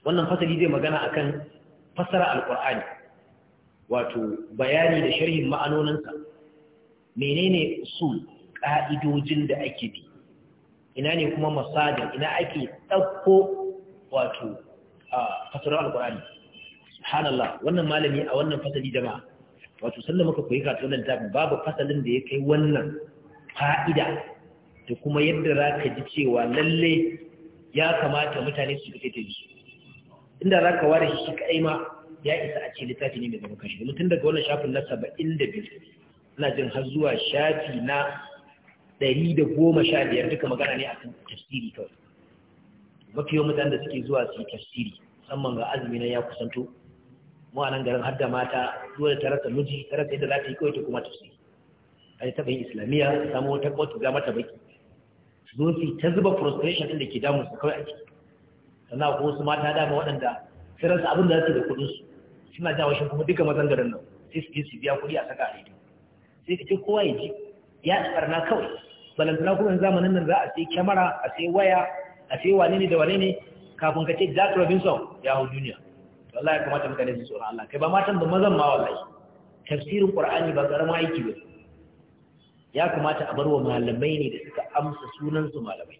wannan fasali zai magana akan fasara al-qur'ani wato bayani da sharhin ma'anoninsa menene usul ka'idojin da ake bi ina ne kuma masadin ina ake dauko wato a fasarar al-qur'ani subhanallah wannan malami a wannan fasali jama'a wato sannan muka koyi karatu wannan littafin babu fasalin da ya kai wannan fa'ida da kuma yadda za ka ji cewa lalle ya kamata mutane su fita shi. inda za ka ware shi kaɗai ma ya isa a ce littafi ne mai zama kashi domin tun daga wannan shafin na saba'in da biyu ina jin har zuwa shafi na ɗari da goma sha biyar duka magana ne akan tafsiri kawai mafi yawan mutanen da suke zuwa su yi tafsiri musamman ga azumi na ya kusanto mu a nan garin har da mata dole ta rasa miji ta rasa yadda za ta yi kawai ta kuma ta tausayi a ta yin islamiyya ta samu wata kwatu ga mata baki su zo su ta zuba frustration ɗin da ke damun su kawai ake sannan ko su mata dama waɗanda su rasa abin da za su da kuɗin su suna jawo shi kuma duka mazan garin nan sai su je su biya kuɗi a saka a rediyo sai ka ce kowa ya ji ya ɓarna kawai balantana kuma zamanin nan za a sai kyamara a sai waya a sai wane ne da wane ne kafin ka ce Jack Robinson ya hau duniya wallahi ta mutane su tsoron Allah kai ba matan da mazan ma wallahi tafsirin qur'ani ba karama aiki ba ya kamata a bar wa malamai ne da suka amsa sunan su malamai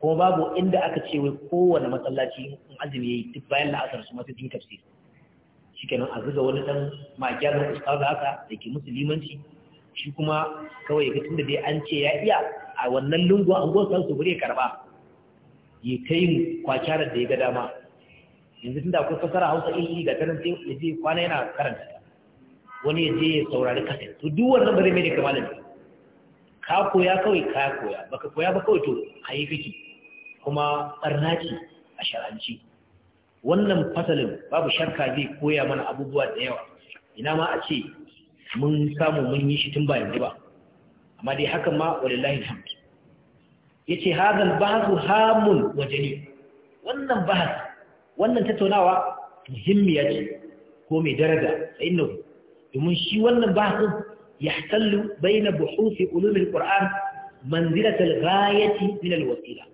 kuma babu inda aka ce wai kowane masallaci in azumi yayi duk bayan la'asar su masu din tafsiri shikenan a zuga wani dan da ustaz haka da ke musulmanci shi kuma kawai ga tunda dai an ce ya iya a wannan lungu an gosa su bure karba ya kai mu kwakyarar da ya ga dama yanzu tunda akwai fasara hausa yi ga kanan sai ya je kwana yana karanta wani ya je ya saurari kasa to duk wannan bare mai da kamalin ka koya kawai ka koya baka koya ba kawai to ayi kake kuma barnaci a shar'anci wannan fasalin babu shakka zai koya mana abubuwa da yawa ina ma a ce mun samu mun yi shi tun ba yanzu ba amma dai hakan ma wallahi alhamd yace hadal bahthu hamun wajani wannan bahth wannan tattaunawa muhimmiya ce ko mai daraja fa innahu domin shi wannan bahasin bai na buhuthi ulumin qur'an manzilatal ghayati min alwasila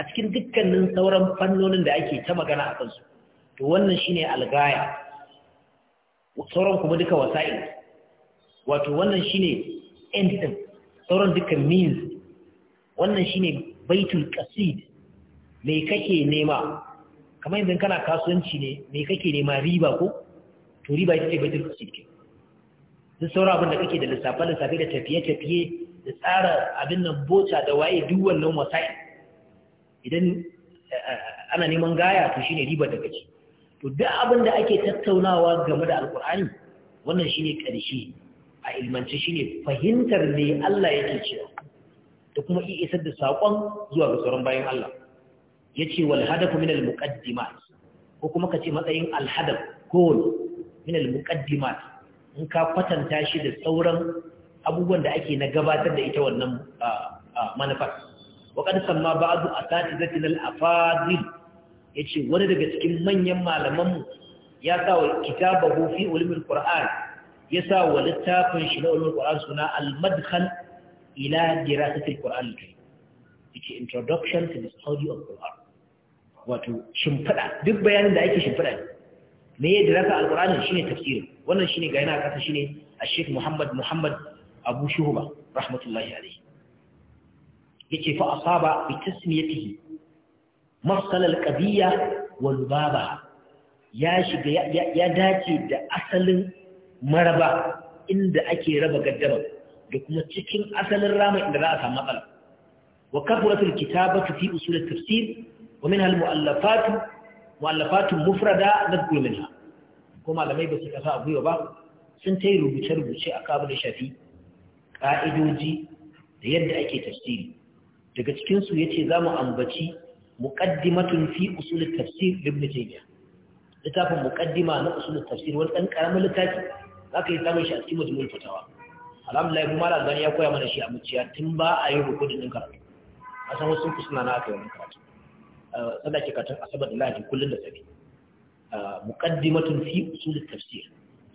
a cikin dukkanin sauran fannonin da ake ta magana a kansu to wannan shine algaya sauran kuma duka wasa'il wato wannan shine end din sauran duka means wannan shine baitul qasid me kake nema kamar yanzu kana kasuwanci ne me kake nema riba ko to riba ita ce baitul fasik duk saura abin da kake da lissafe lissafe da tafiye tafiye da tsara abin nan bota da waye duk wannan wasa'i idan eh, ana neman gaya to shine riba da kake to duk abin da ake tattaunawa game da alkur'ani wannan shine karshe a ilmanci shine fahimtar ne Allah yake cewa da kuma iya isar da saƙon zuwa ga sauran bayan Allah yace wal hadafu min al muqaddimat ko kuma ce matsayin al hadaf goal min al muqaddimat in ka kwatanta shi da sauran abubuwan da ake na gabatar da ita wannan manufar wa qad samma ba'du asatizatin al afadil yace wani daga cikin manyan malaman mu ya sa wa kitabahu fi ulumul qur'an ya sa wa littafin shi na ulumul qur'an suna al madkhal ila dirasatil al-karim introduction to the study of Quran wato shimfiɗa duk bayanin da ake shimfiɗa ne me ya diraka alƙur'ani shine tafsirin wannan shine ga yana kasa shine Sheikh Muhammad Muhammad Abu Shuhba rahmatullahi alayhi yace fa asaba bi tasmiyatihi mafsal al-qadiyya wa lubaba ya shiga ya dace da asalin maraba inda ake raba gaddama da kuma cikin asalin ramin inda za a samu matsala wa kafuratul kitabatu fi usul at-tafsir ومنها المؤلفات مؤلفات مفردة نذكر منها كما لم يبس كفاء rubuce سنتي ربوشة ربوشة أكابر شفي da yadda ake تفسيري daga cikinsu ya ce za mu ambaci muƙaddimatun fi usulun tafsir ibn taymiya littafin muƙaddima na usulun tafsir wani ɗan ƙaramin littafi za ka yi samun shi a cikin majmul fatawa alhamdulillah kuma malam gani ya koya mana shi a muciya tun ba a yi rukunin karatu a san wasu suna na aka yi karatu sanda ke asabar da lahadi kullum da safe muqaddimatun fi usul tafsir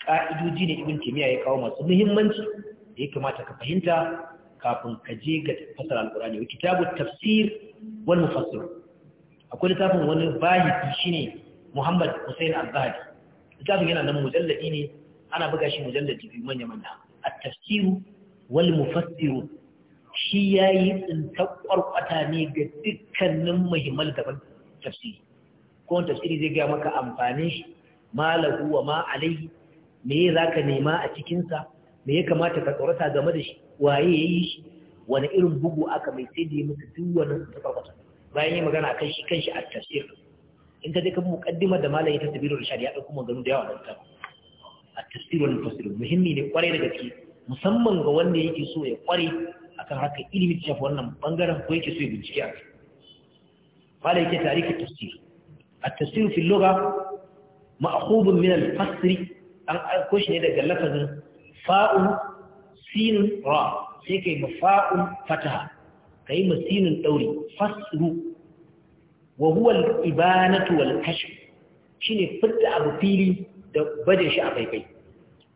ka'idoji ne ibn kimiyya ya kawo masu muhimmanci da ya kamata ka fahimta kafin ka je ga fasara alqur'ani wa kitabut tafsir wal mufassir akwai littafin wani bahidi shine Muhammad Hussein Al-Bahadi littafin yana nan mujalladi ne ana buga shi mujalladi biyu manya manya at-tafsir wal mufassir shi ya yi tsinta ƙwarƙwata ne ga dukkanin muhimman gaban tafsiri ko tafsiri zai gaya maka amfanin shi ma lahu wa ma alai me ya zaka nema a cikinsa me ya kamata ka tsorata game da shi waye ya yi shi wani irin bugu aka mai sai da ya musu duk wani tsintar ƙwarƙwata bayan yi magana kan shi kan shi a tafsir in ka je ka muƙaddima da malayi ta tabiru da shari'a ɗauko maganu da yawa da a tafsirin tafsirin, muhimmi ne kwarai da gaske musamman ga wanda yake so ya kware akan haka ilimi ta shafi wannan bangaren ko yake so ya bincike a kai fala yake tarihi tafsir at-tafsir fi lugha ma'khubun min al-fasr an ko shi ne daga lafazin fa'u sin ra sai kai mafa'u fataha kai masinin dauri fasru wa huwa al-ibanatu wal-kashf shine fitta abu fili da bade shi a kai kai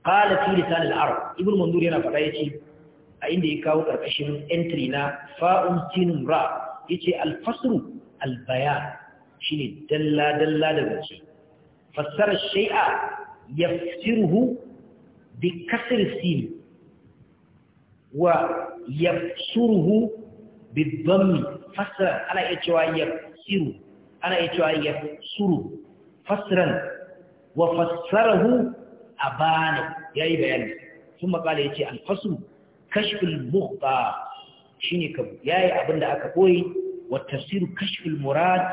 qala fi lisan al-arab ibn mandur yana faɗa yace a inda ya kawo ƙarƙashin entry na fa'un sinun ra ya ce alfasru albaya. shi ne dalla-dalla da wace fassarar shai'a ya sirhu bi kasar sin wa ya surhu bi bammi fassara ana iya cewa ya siru ana iya cewa ya suru fassarar wa fassarahu a bane ya yi bayanin. sun makala ya ce alfasru. kashful buhqa shine ka yayi abin da aka koyi wa tafsiru kashful murad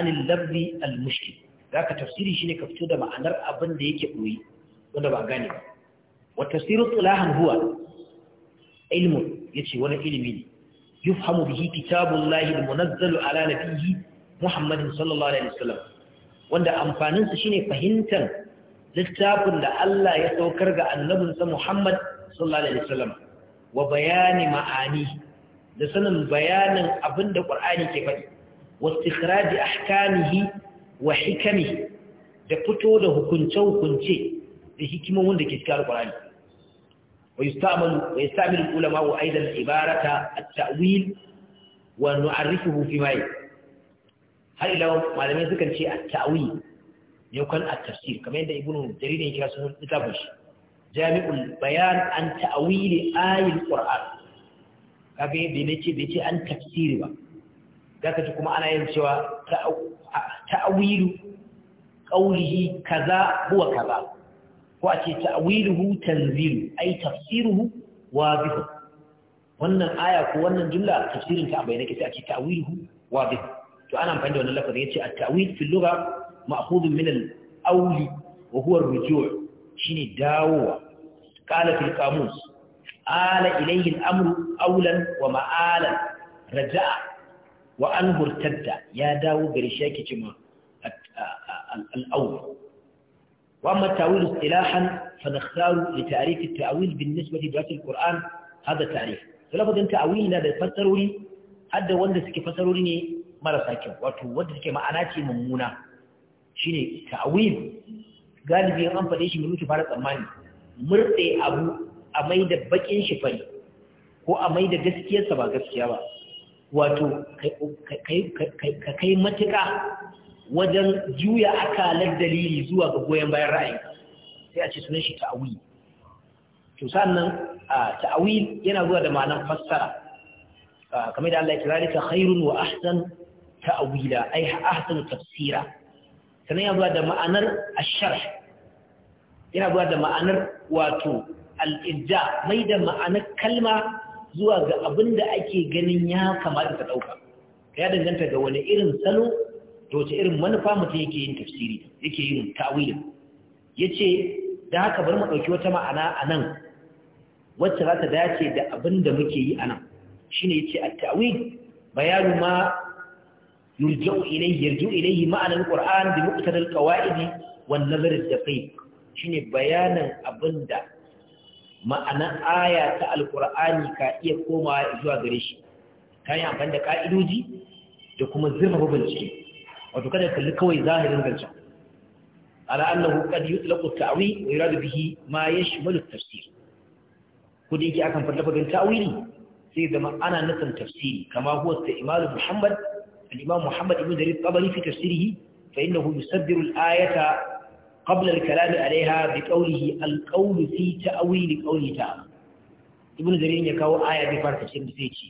anil lafzi al mushkil zaka tafsiri shine ka fito da ma'anar abin da yake koyi wanda ba gane ba wa tafsiru tilahan huwa ilmun yace wani ilimi ne yufhamu bihi kitabullahi al-munazzalu ala nabiyhi Muhammadin sallallahu alaihi wasallam wanda amfanin sa shine fahimtar littafin da Allah ya saukar ga annabinsa Muhammad sallallahu alaihi wasallam wa bayani ma'ani da sanin bayanin abin da ƙur'ani ke faɗi wa istikhraji ahkamihi wa hikami da fito da hukunce-hukunce da hikimomin da ke cikin alƙur'ani wa yusta'malu wa ulama wa aidan ibarata at-ta'wil wa nu'arrifuhu fi ma'i har ila malamai sukan ce a tawil yau kan a tafsir kamar yadda ibnu ne ya kira sunan littafin shi jami'ul bayan an ta'awili ayin qur'an kaga yadda ne ce bai ce an tafsiri ba zaka ji kuma ana yin cewa ta'awilu qawlihi kaza huwa kaza ko a ce ta'awiluhu tanzilu ai tafsiruhu wadih wannan aya ko wannan jumla tafsirin ta bayyana kace a ce ta'awiluhu wadih to ana amfani da wannan lafazin yace at-ta'wil fil lugha ma'khudun min al-awli wa huwa ar-ruju' shine dawowa qala fil ala ilayhi al-amru wa ma'alan raja'a wa an hurtadda ya dawo gari shi yake cewa al-awwal واما التاويل اصطلاحا فنختار لتعريف التاويل بالنسبه لدراسه القران هذا التعريف فلفظ تاويل da فسروري hadda wanda suke fasarori ne marasa kyau wato wanda suke ma'ana ce mummuna shine ta'wil galibi an faɗe shi ne muke fara tsammani murɗe abu a mai da baƙin shi fari ko a mai da gaskiyarsa ba gaskiya ba wato ka kai matuƙa wajen juya akalar dalili zuwa ga goyon bayan ra'ayi sai a ce sunan shi ta'awil to sannan ta'awil yana zuwa da ma'anar fassara kamar da Allah ya kira ta khairun wa ahsan ta'awila ai ahsan tafsira sannan yana zuwa da ma'anar ashar yana zuwa da ma'anar wato al'ijja mai da ma'anar kalma zuwa ga abin da ake ganin ya kamata ta ɗauka ya danganta ga wani irin salo da wace irin manufa mutum yake yin tafsiri yake yin ta'wilin ya ce da haka bar mu ɗauki wata ma'ana a nan wacce za ta dace da abin da muke yi a nan shi ne ya ce a ta'wil bayanu ma yurjau ilai yarju ilai ma'anar ƙura'an da muƙtarar kawai wani nazarin da kai shi ne bayanin abin da ma'anar aya ta alƙura'ani ka iya komawa zuwa gare shi ta yi abin da ka'idodi da kuma zirfafa bincike wato kada kalli kawai za zance ala allah hukadi yi tsalaƙo ta'awi wa yura da bihi ma ya shi malu tafsiri ku da akan fallafa bin ta'awi ne sai zama ana nufin tafsiri kama huwa ta imalu muhammad الإمام محمد بن زريد طبري في تفسيره فإنه يصدر الآية قبل الكلام عليها بقوله القول في تأويل قوله تعالى ibn zarin ya kawo aya da farka cikin da ya ce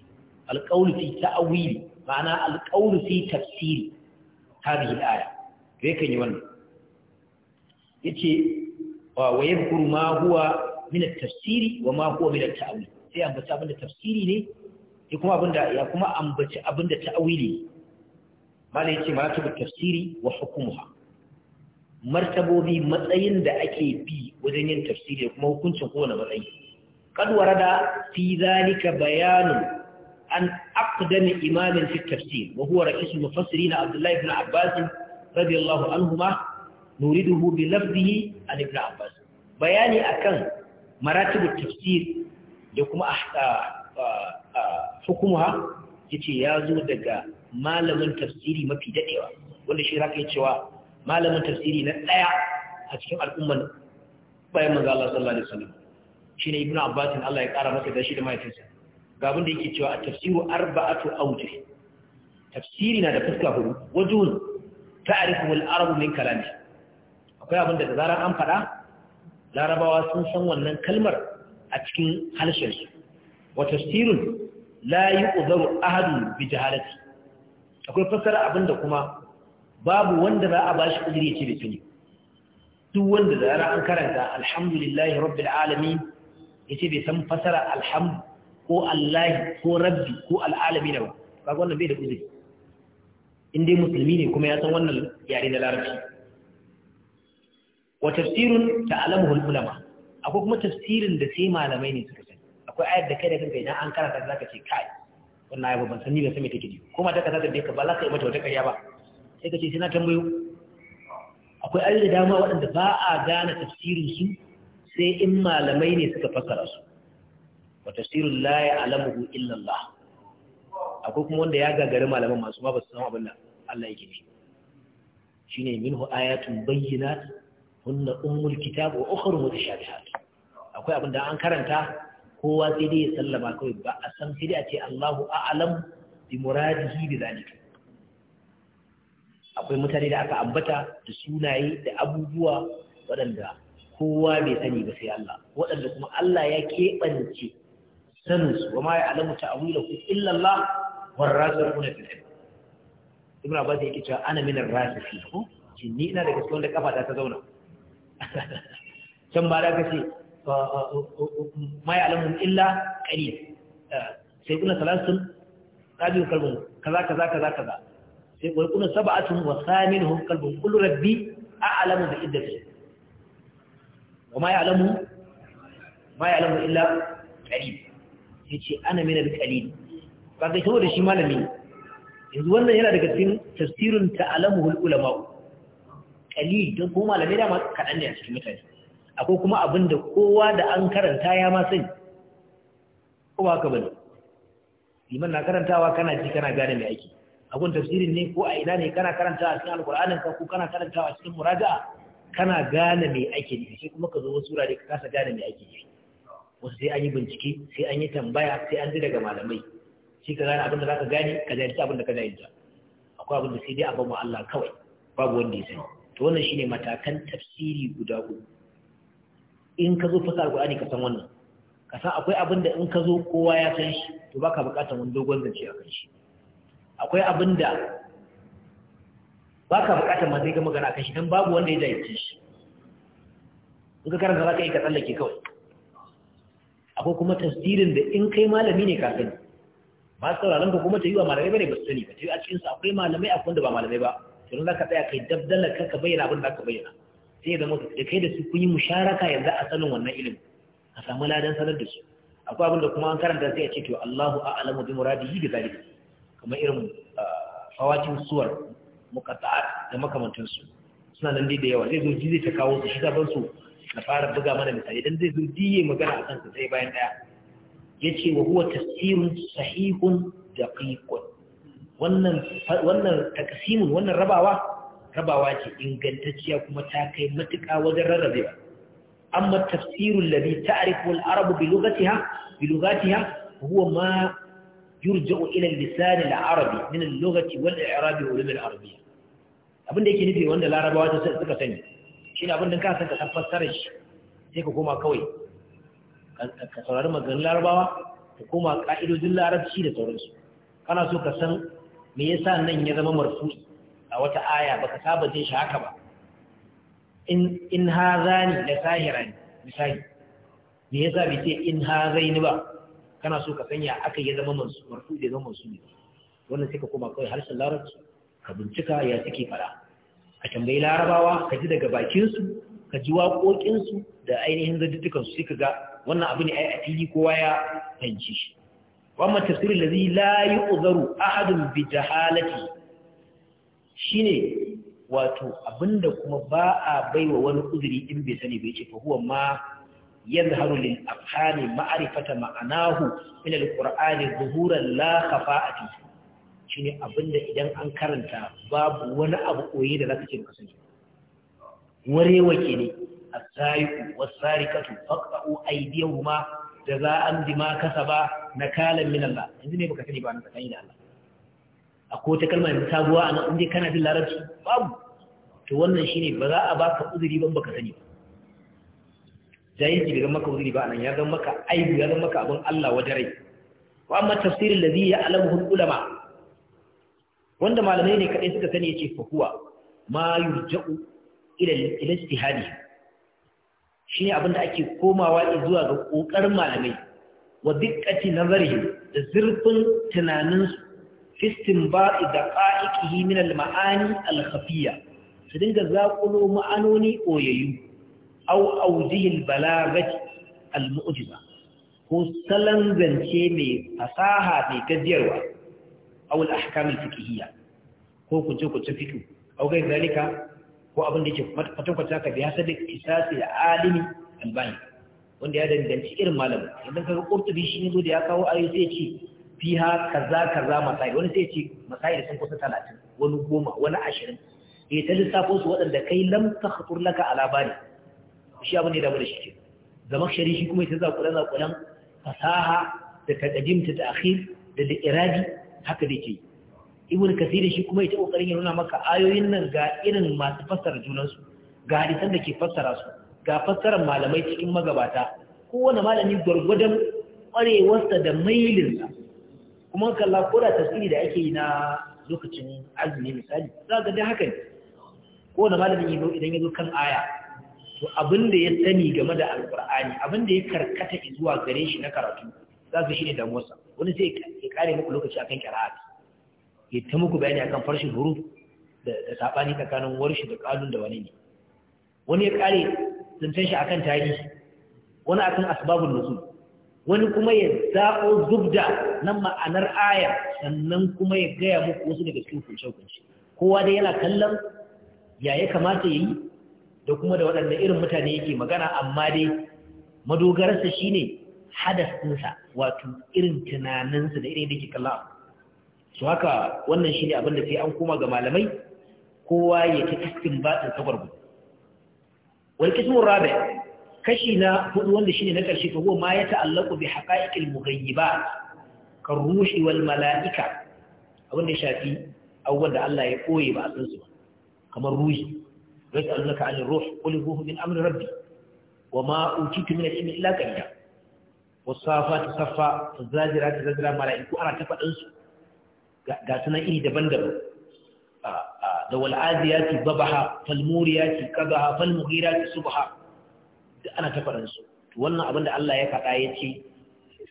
alqawlu fi ta'wil ma'ana alqawlu fi tafsir hadhihi alaya sai kan yi wannan yace wa waye kuru ma huwa min at wa ma huwa min at-ta'wil sai ambaci abinda tafsiri ne ya kuma abinda ya kuma ambaci malai yace maratibu tafsiri wa hukumuha martabobi matsayin da ake bi wajen yin tafsiri kuma hukuncin kowane matsayi kad warada fi zalika bayanun an aqdami imamin fi tafsir wa huwa ra'isul mufassirin Abdullah ibn Abbas radiyallahu anhuma nuriduhu bi lafzihi an ibn Abbas bayani akan maratibu tafsir da kuma hukumuha yace ya zo daga malamin tafsiri mafi daɗewa, wanda shi zaka yi cewa malamin tafsiri na ɗaya a cikin al'umman bayan manzo Allah sallallahu alaihi wasallam shine abbas Allah ya ƙara masa da shi da mahaifinsa ga abin da yake cewa tafsiru arba'atu awjuh tafsiri na da fuska hudu wajen ta'rifu al-arab min kalami akwai abin da zaran an fada larabawa sun san wannan kalmar a cikin harshen wa tafsirun la yu'dharu ahadun bi jahalati akwai fassara abin da kuma babu wanda za a bashi uzuri ya ce bai sani duk wanda da yara an karanta alhamdulillahi rabbil alamin ya ce bai san fassara alhamdu ko allahi ko rabbi ko al'alami na ba kaga wannan bai da uzuri in musulmi ne kuma ya san wannan yare na larabci wa tafsirun ta'lamuhu ulama akwai kuma tafsirin da sai malamai ne suka sani akwai ayar da kai da kanka idan an karanta zaka ce kai wannan ba ban sani ba sai mai take ji kuma ta kasa da ka ba za ka yi mata wata ƙarya ba sai ka ce sai na tambayo akwai ayoyi da dama waɗanda ba a gane tafsirin su sai in malamai ne suka fassara su wa tafsirul la ya'lamuhu illa Allah akwai kuma wanda ya gagari malaman masu ma ba su san abin da Allah yake ne shine minhu ayatun bayyinat hunna ummul kitab wa ukhra mutashabihat akwai abin da an karanta kowa sai dai ya sallama kawai ba a san sai dai a ce Allahu a'lam bi muradihi bi zalika akwai mutane da aka ambata da sunaye da abubuwa waɗanda kowa bai sani ba sai Allah waɗanda kuma Allah ya keɓance sanin su wa ma ya alamu ta'awilahu illa Allah war rasikuna fil ilm Ibn Abbas yake cewa ana min ar-rasikin ko ni ina daga cikin wanda kafa ta zauna can ba da kace ma alamun illa qalil eh, sai kuna salasun rabiu kalbun kaza kaza kaza kaza sai kuma kuna sab'atun wa thaminuhum kalbun kullu rabbi a'lamu bi iddati wa ma alamun ma ya'lamu illa qalil yace ana min al-qalil kaga saboda shi malami yanzu wannan yana daga cikin tafsirin ta'alamuhul ulama qalil don kuma malamai da ma kadan ne a cikin mutane akwai kuma abin da kowa da an karanta ya ma sani ko ba ka bane liman na karantawa kana ji kana gane mai aiki agun tafsirin ne ko a ina ne kana karantawa a cikin alkur'anin ka ko kana karantawa a cikin muraja'a kana gane mai aiki ne sai kuma ka zo wasu wurare ka kasa gane mai aiki nufi wasu sai an yi bincike sai an yi tambaya sai an ji daga malamai shi ka gane abin da zaka gane ka jahilci abin da ka ta. akwai abin da sai dai a mu Allah kawai babu wanda ya sani to wannan shine matakan tafsiri guda hudu in ka zo fasa alkur'ani ka san wannan ka san akwai abin da in ka zo kowa ya san shi to ba ka bukatar wani dogon zance a kan shi akwai abin da ba ka bukatar ma zai ga magana a kan shi don babu wanda ya jayyace shi in ka karanta za ka yi ka tsallake kawai akwai kuma tasirin da in kai malami ne ka sani ba sauraron ka kuma ta yi wa malamai bane ba su sani ba ta yi a cikinsu akwai malamai akwai wanda ba malamai ba to za ka tsaya kai dabdala kanka bayyana abin da ka bayyana sai zama da kai da su kun yi musharaka yanzu a sanin wannan ilimin a samu ladan sanar da su akwai abin da kuma an karanta sai a ce to Allahu a'lamu bi muradihi bi zalika kamar irin ah, fawatin suwar muqatta'at da makamantan su suna nan da yawa zai zo ji zai ta kawo su shi zaban su na fara buga mana misali dan zai zo diye magana akan su sai bayan daya yace wa huwa tafsirun sahihun daqiqun wannan wannan takasimun wannan rabawa rabawa ce ingantacciya kuma ta kai matuƙa wajen rarrabe ba. amma tafsirul ladhi ta'rifu al-arabu bi lughatiha bi lughatiha huwa ma yurja'u ila al-lisan al-arabi min al-lughati wal-i'rab wa al-arabiyya abin da yake nufi wanda larabawa ta suka sani shine abin da ka san ka san fassarar shi sai ka koma kawai ka saurari maganar larabawa ka koma ka'idojin larabci da sauransu kana so ka san me yasa nan ya zama marfu'i a wata aya baka saba jin shi haka ba in in hazani la sahiran misali me yasa bai ce in hazaini ba kana so ka sanya aka ya zama masu marfu da zama wannan sai ka koma kawai harshen larabci ka bincika ya suke fara A tambayi larabawa ka ji daga bakinsu ka ji waƙoƙinsu da ainihin zaddukansu sai ka ga wannan abu ne a fili kowa ya fahimci shi wannan tafsirin da zai la yi uzaru ahadun bi jahalati Shi ne wato abinda kuma ba a bai wa wani uzuri in bai sani bai ce fahuwa ma ma yadhharu lil afhami ma'arifata ma'anahu min al zuhuran la khafa'ati shine abinda idan an karanta babu wani abu koyi da zaka ce ka sani warewa ne as-sariqu was-sariqatu faqta'u aydiyahuma jaza'an bima kasaba nakalan min Allah yanzu ne baka sani ba na tsakani da Allah akwai wata kalmar yanzu sabuwa a nan kana jin larabci babu to wannan shine ba za a baka uzuri ban baka sani ba jahilci yi zama maka uzuri ba nan ya ga maka aibu ya ga maka abin Allah wajen rai wa amma tafsirin ladhi ya'lamuhu ulama wanda malamai ne kadai suka sani yace ce huwa ma yurja'u ila ila ijtihadi shine abin da ake komawa zuwa ga kokarin malamai wa dikkati nazarihi da zurfin tunaninsu Fistin istinba'i da ƙa'iƙihi min alma'ani maani al-khafiyya su dinga zaƙulo ma'anoni ɓoyayyu au audihil balagati al ko salon zance mai fasaha mai gajiyarwa au al-ahkam al-fiqhiyya ko ku je ku ci au gai zalika ko abin da yake kwata-kwata ka bi hasabin kisasi da alimi albani wanda ya danganci irin malamin idan kaga qurtubi shi ne zo da ya kawo ayoyi sai ya ce fiha kaza kaza masai wani sai ce masai sun kusa talatin wani goma wani ashirin ya ta lissafo su waɗanda kai lam ta a laka ala bani shi abin da ya damu da shi zama shari shi kuma ya ta zakulan fasaha da taqdim ta ta'khir da iradi haka da ke ibn kasir shi kuma ya ta ƙoƙarin ya nuna maka ayoyin nan ga irin masu fassara junansu ga hadisan da ke fassara su ga fassarar malamai cikin magabata kowane malami gwargwadon ƙwarewarsa da mailinsa kuma kalla ko da tasiri da ake yi na lokacin azumi misali za ga dai haka ne ko da malamin yazo idan zo kan aya to abin da ya sani game da Alkur'ani, abin da ya karkata zuwa gare shi na karatu za ka shine damuwarsa wani sai ya kare muku lokaci akan qira'at ya ta muku bayani akan farshin huruf da da sabani tsakanin warshi da kalun da wani ne wani ya kare zancen shi akan tarihi wani akan asbabun nuzul wani kuma ya zaɓo zubda nan ma'anar aya sannan kuma ya gaya muku wasu daga cikin kunshe kunshe kowa da yana kallon ya ya kamata ya yi da kuma da waɗanda irin mutane yake magana amma dai madogararsa shine hadasinsa wato irin tunaninsa da irin da ke kalla su haka wannan shine abin da sai an koma ga malamai kowa ya ta batin wani kismin rabia kashi na hudu wanda shi ne na karshe to ma ya ta'allaqu bi haqa'iqil ba. kan ruhi wal mala'ika wanda ya shafi abubuwan da Allah ya koye ba a san ba. kamar ruhi wai ta'allaka an ruh qul ruhu min amri rabbi wa ma utitu min al-ilmi illa qalila ta safa ta zazira. mala'iku ana ta fadan ga sunan iri daban-daban da wal'adiyati babaha falmuriyati qadaha falmughirati subaha. duk ana ta faransu wannan abin da Allah ya faɗa ya ce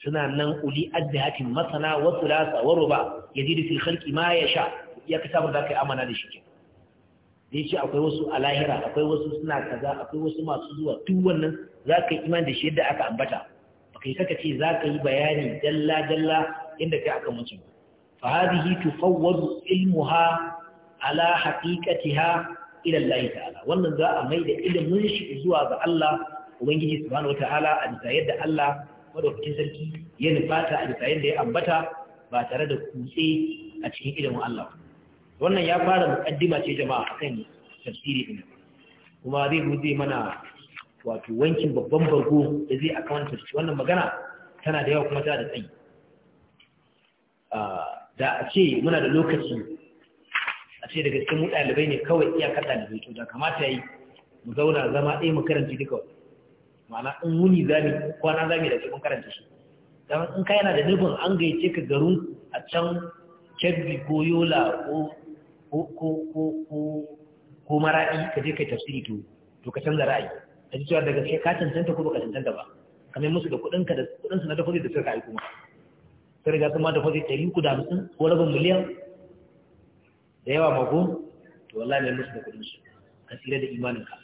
suna nan uli addihatin masana wa thulatha wa ruba yazidu fil khalqi ma yasha ya ka samu kai amana da shi ke dai ce akwai wasu a lahira akwai wasu suna kaza akwai wasu masu zuwa duk wannan za ka yi imani da shi yadda aka ambata baka yi kaka ce za ka yi bayani dalla dalla inda kai aka mutu fa hadhihi tufawwadu ilmuha ala haqiqatiha ila Allah ta'ala wannan za a mai da ilimin shi zuwa ga Allah ubangiji subhanahu wataala a bisa yadda Allah madaukakin sarki ya nufata a bisa yadda ya ambata ba tare da kutse a cikin ilimin Allah wannan ya fara mukaddima ce jama'a akan tafsiri din kuma zai zai mana wato wankin babban bargo da zai akan tafsiri wannan magana tana da yawa kuma tana da tsayi ah, da a ce muna da lokaci a ce daga cikin mu ɗalibai ne kawai iyakar ɗalibai to da kamata ya yi mu zauna zama ɗaya mu karanta duka ma'ana in wuni zami kwana zami da cikin karanta shi dan in kai yana da nufin an gaice ka garin a can kebbi ko yola ko mara'i ka je kai tafsiri to to ka canza ra'ayi a ji cewa daga ka cancanta ko baka cancanta ba kamar musu da kuɗin ka da kuɗin su na dafa da suka aiko sai riga sun ma dafa zai ɗari ku da hamsin ko rabin miliyan da yawa mako to wallahi ne musu da kuɗin su ka tsira da imanin ka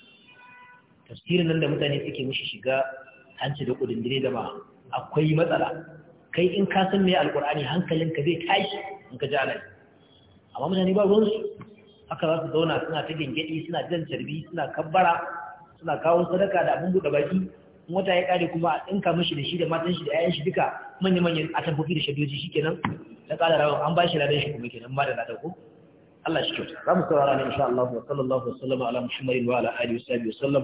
tafsirin nan da mutane suke mishi shiga hanci da dire da ba akwai matsala kai in ka san mai alkur'ani hankalinka zai tashi in ka ji ana amma mutane ba su haka za su zauna suna ta gengedi suna jan carbi suna kabbara suna kawo sadaka da abin buɗe baki in wata ya kare kuma a ɗinka mishi da shi da matan shi da 'ya'yan shi duka manya-manyan atamfofi da shadoji shi kenan na ƙara rawan an ba shi ladan shi kuma kenan ba da ladan ko Allah shi kyauta za mu saurara ne insha Allah wa sallallahu alaihi wa sallam ala muhammadin wa ala alihi wa sallam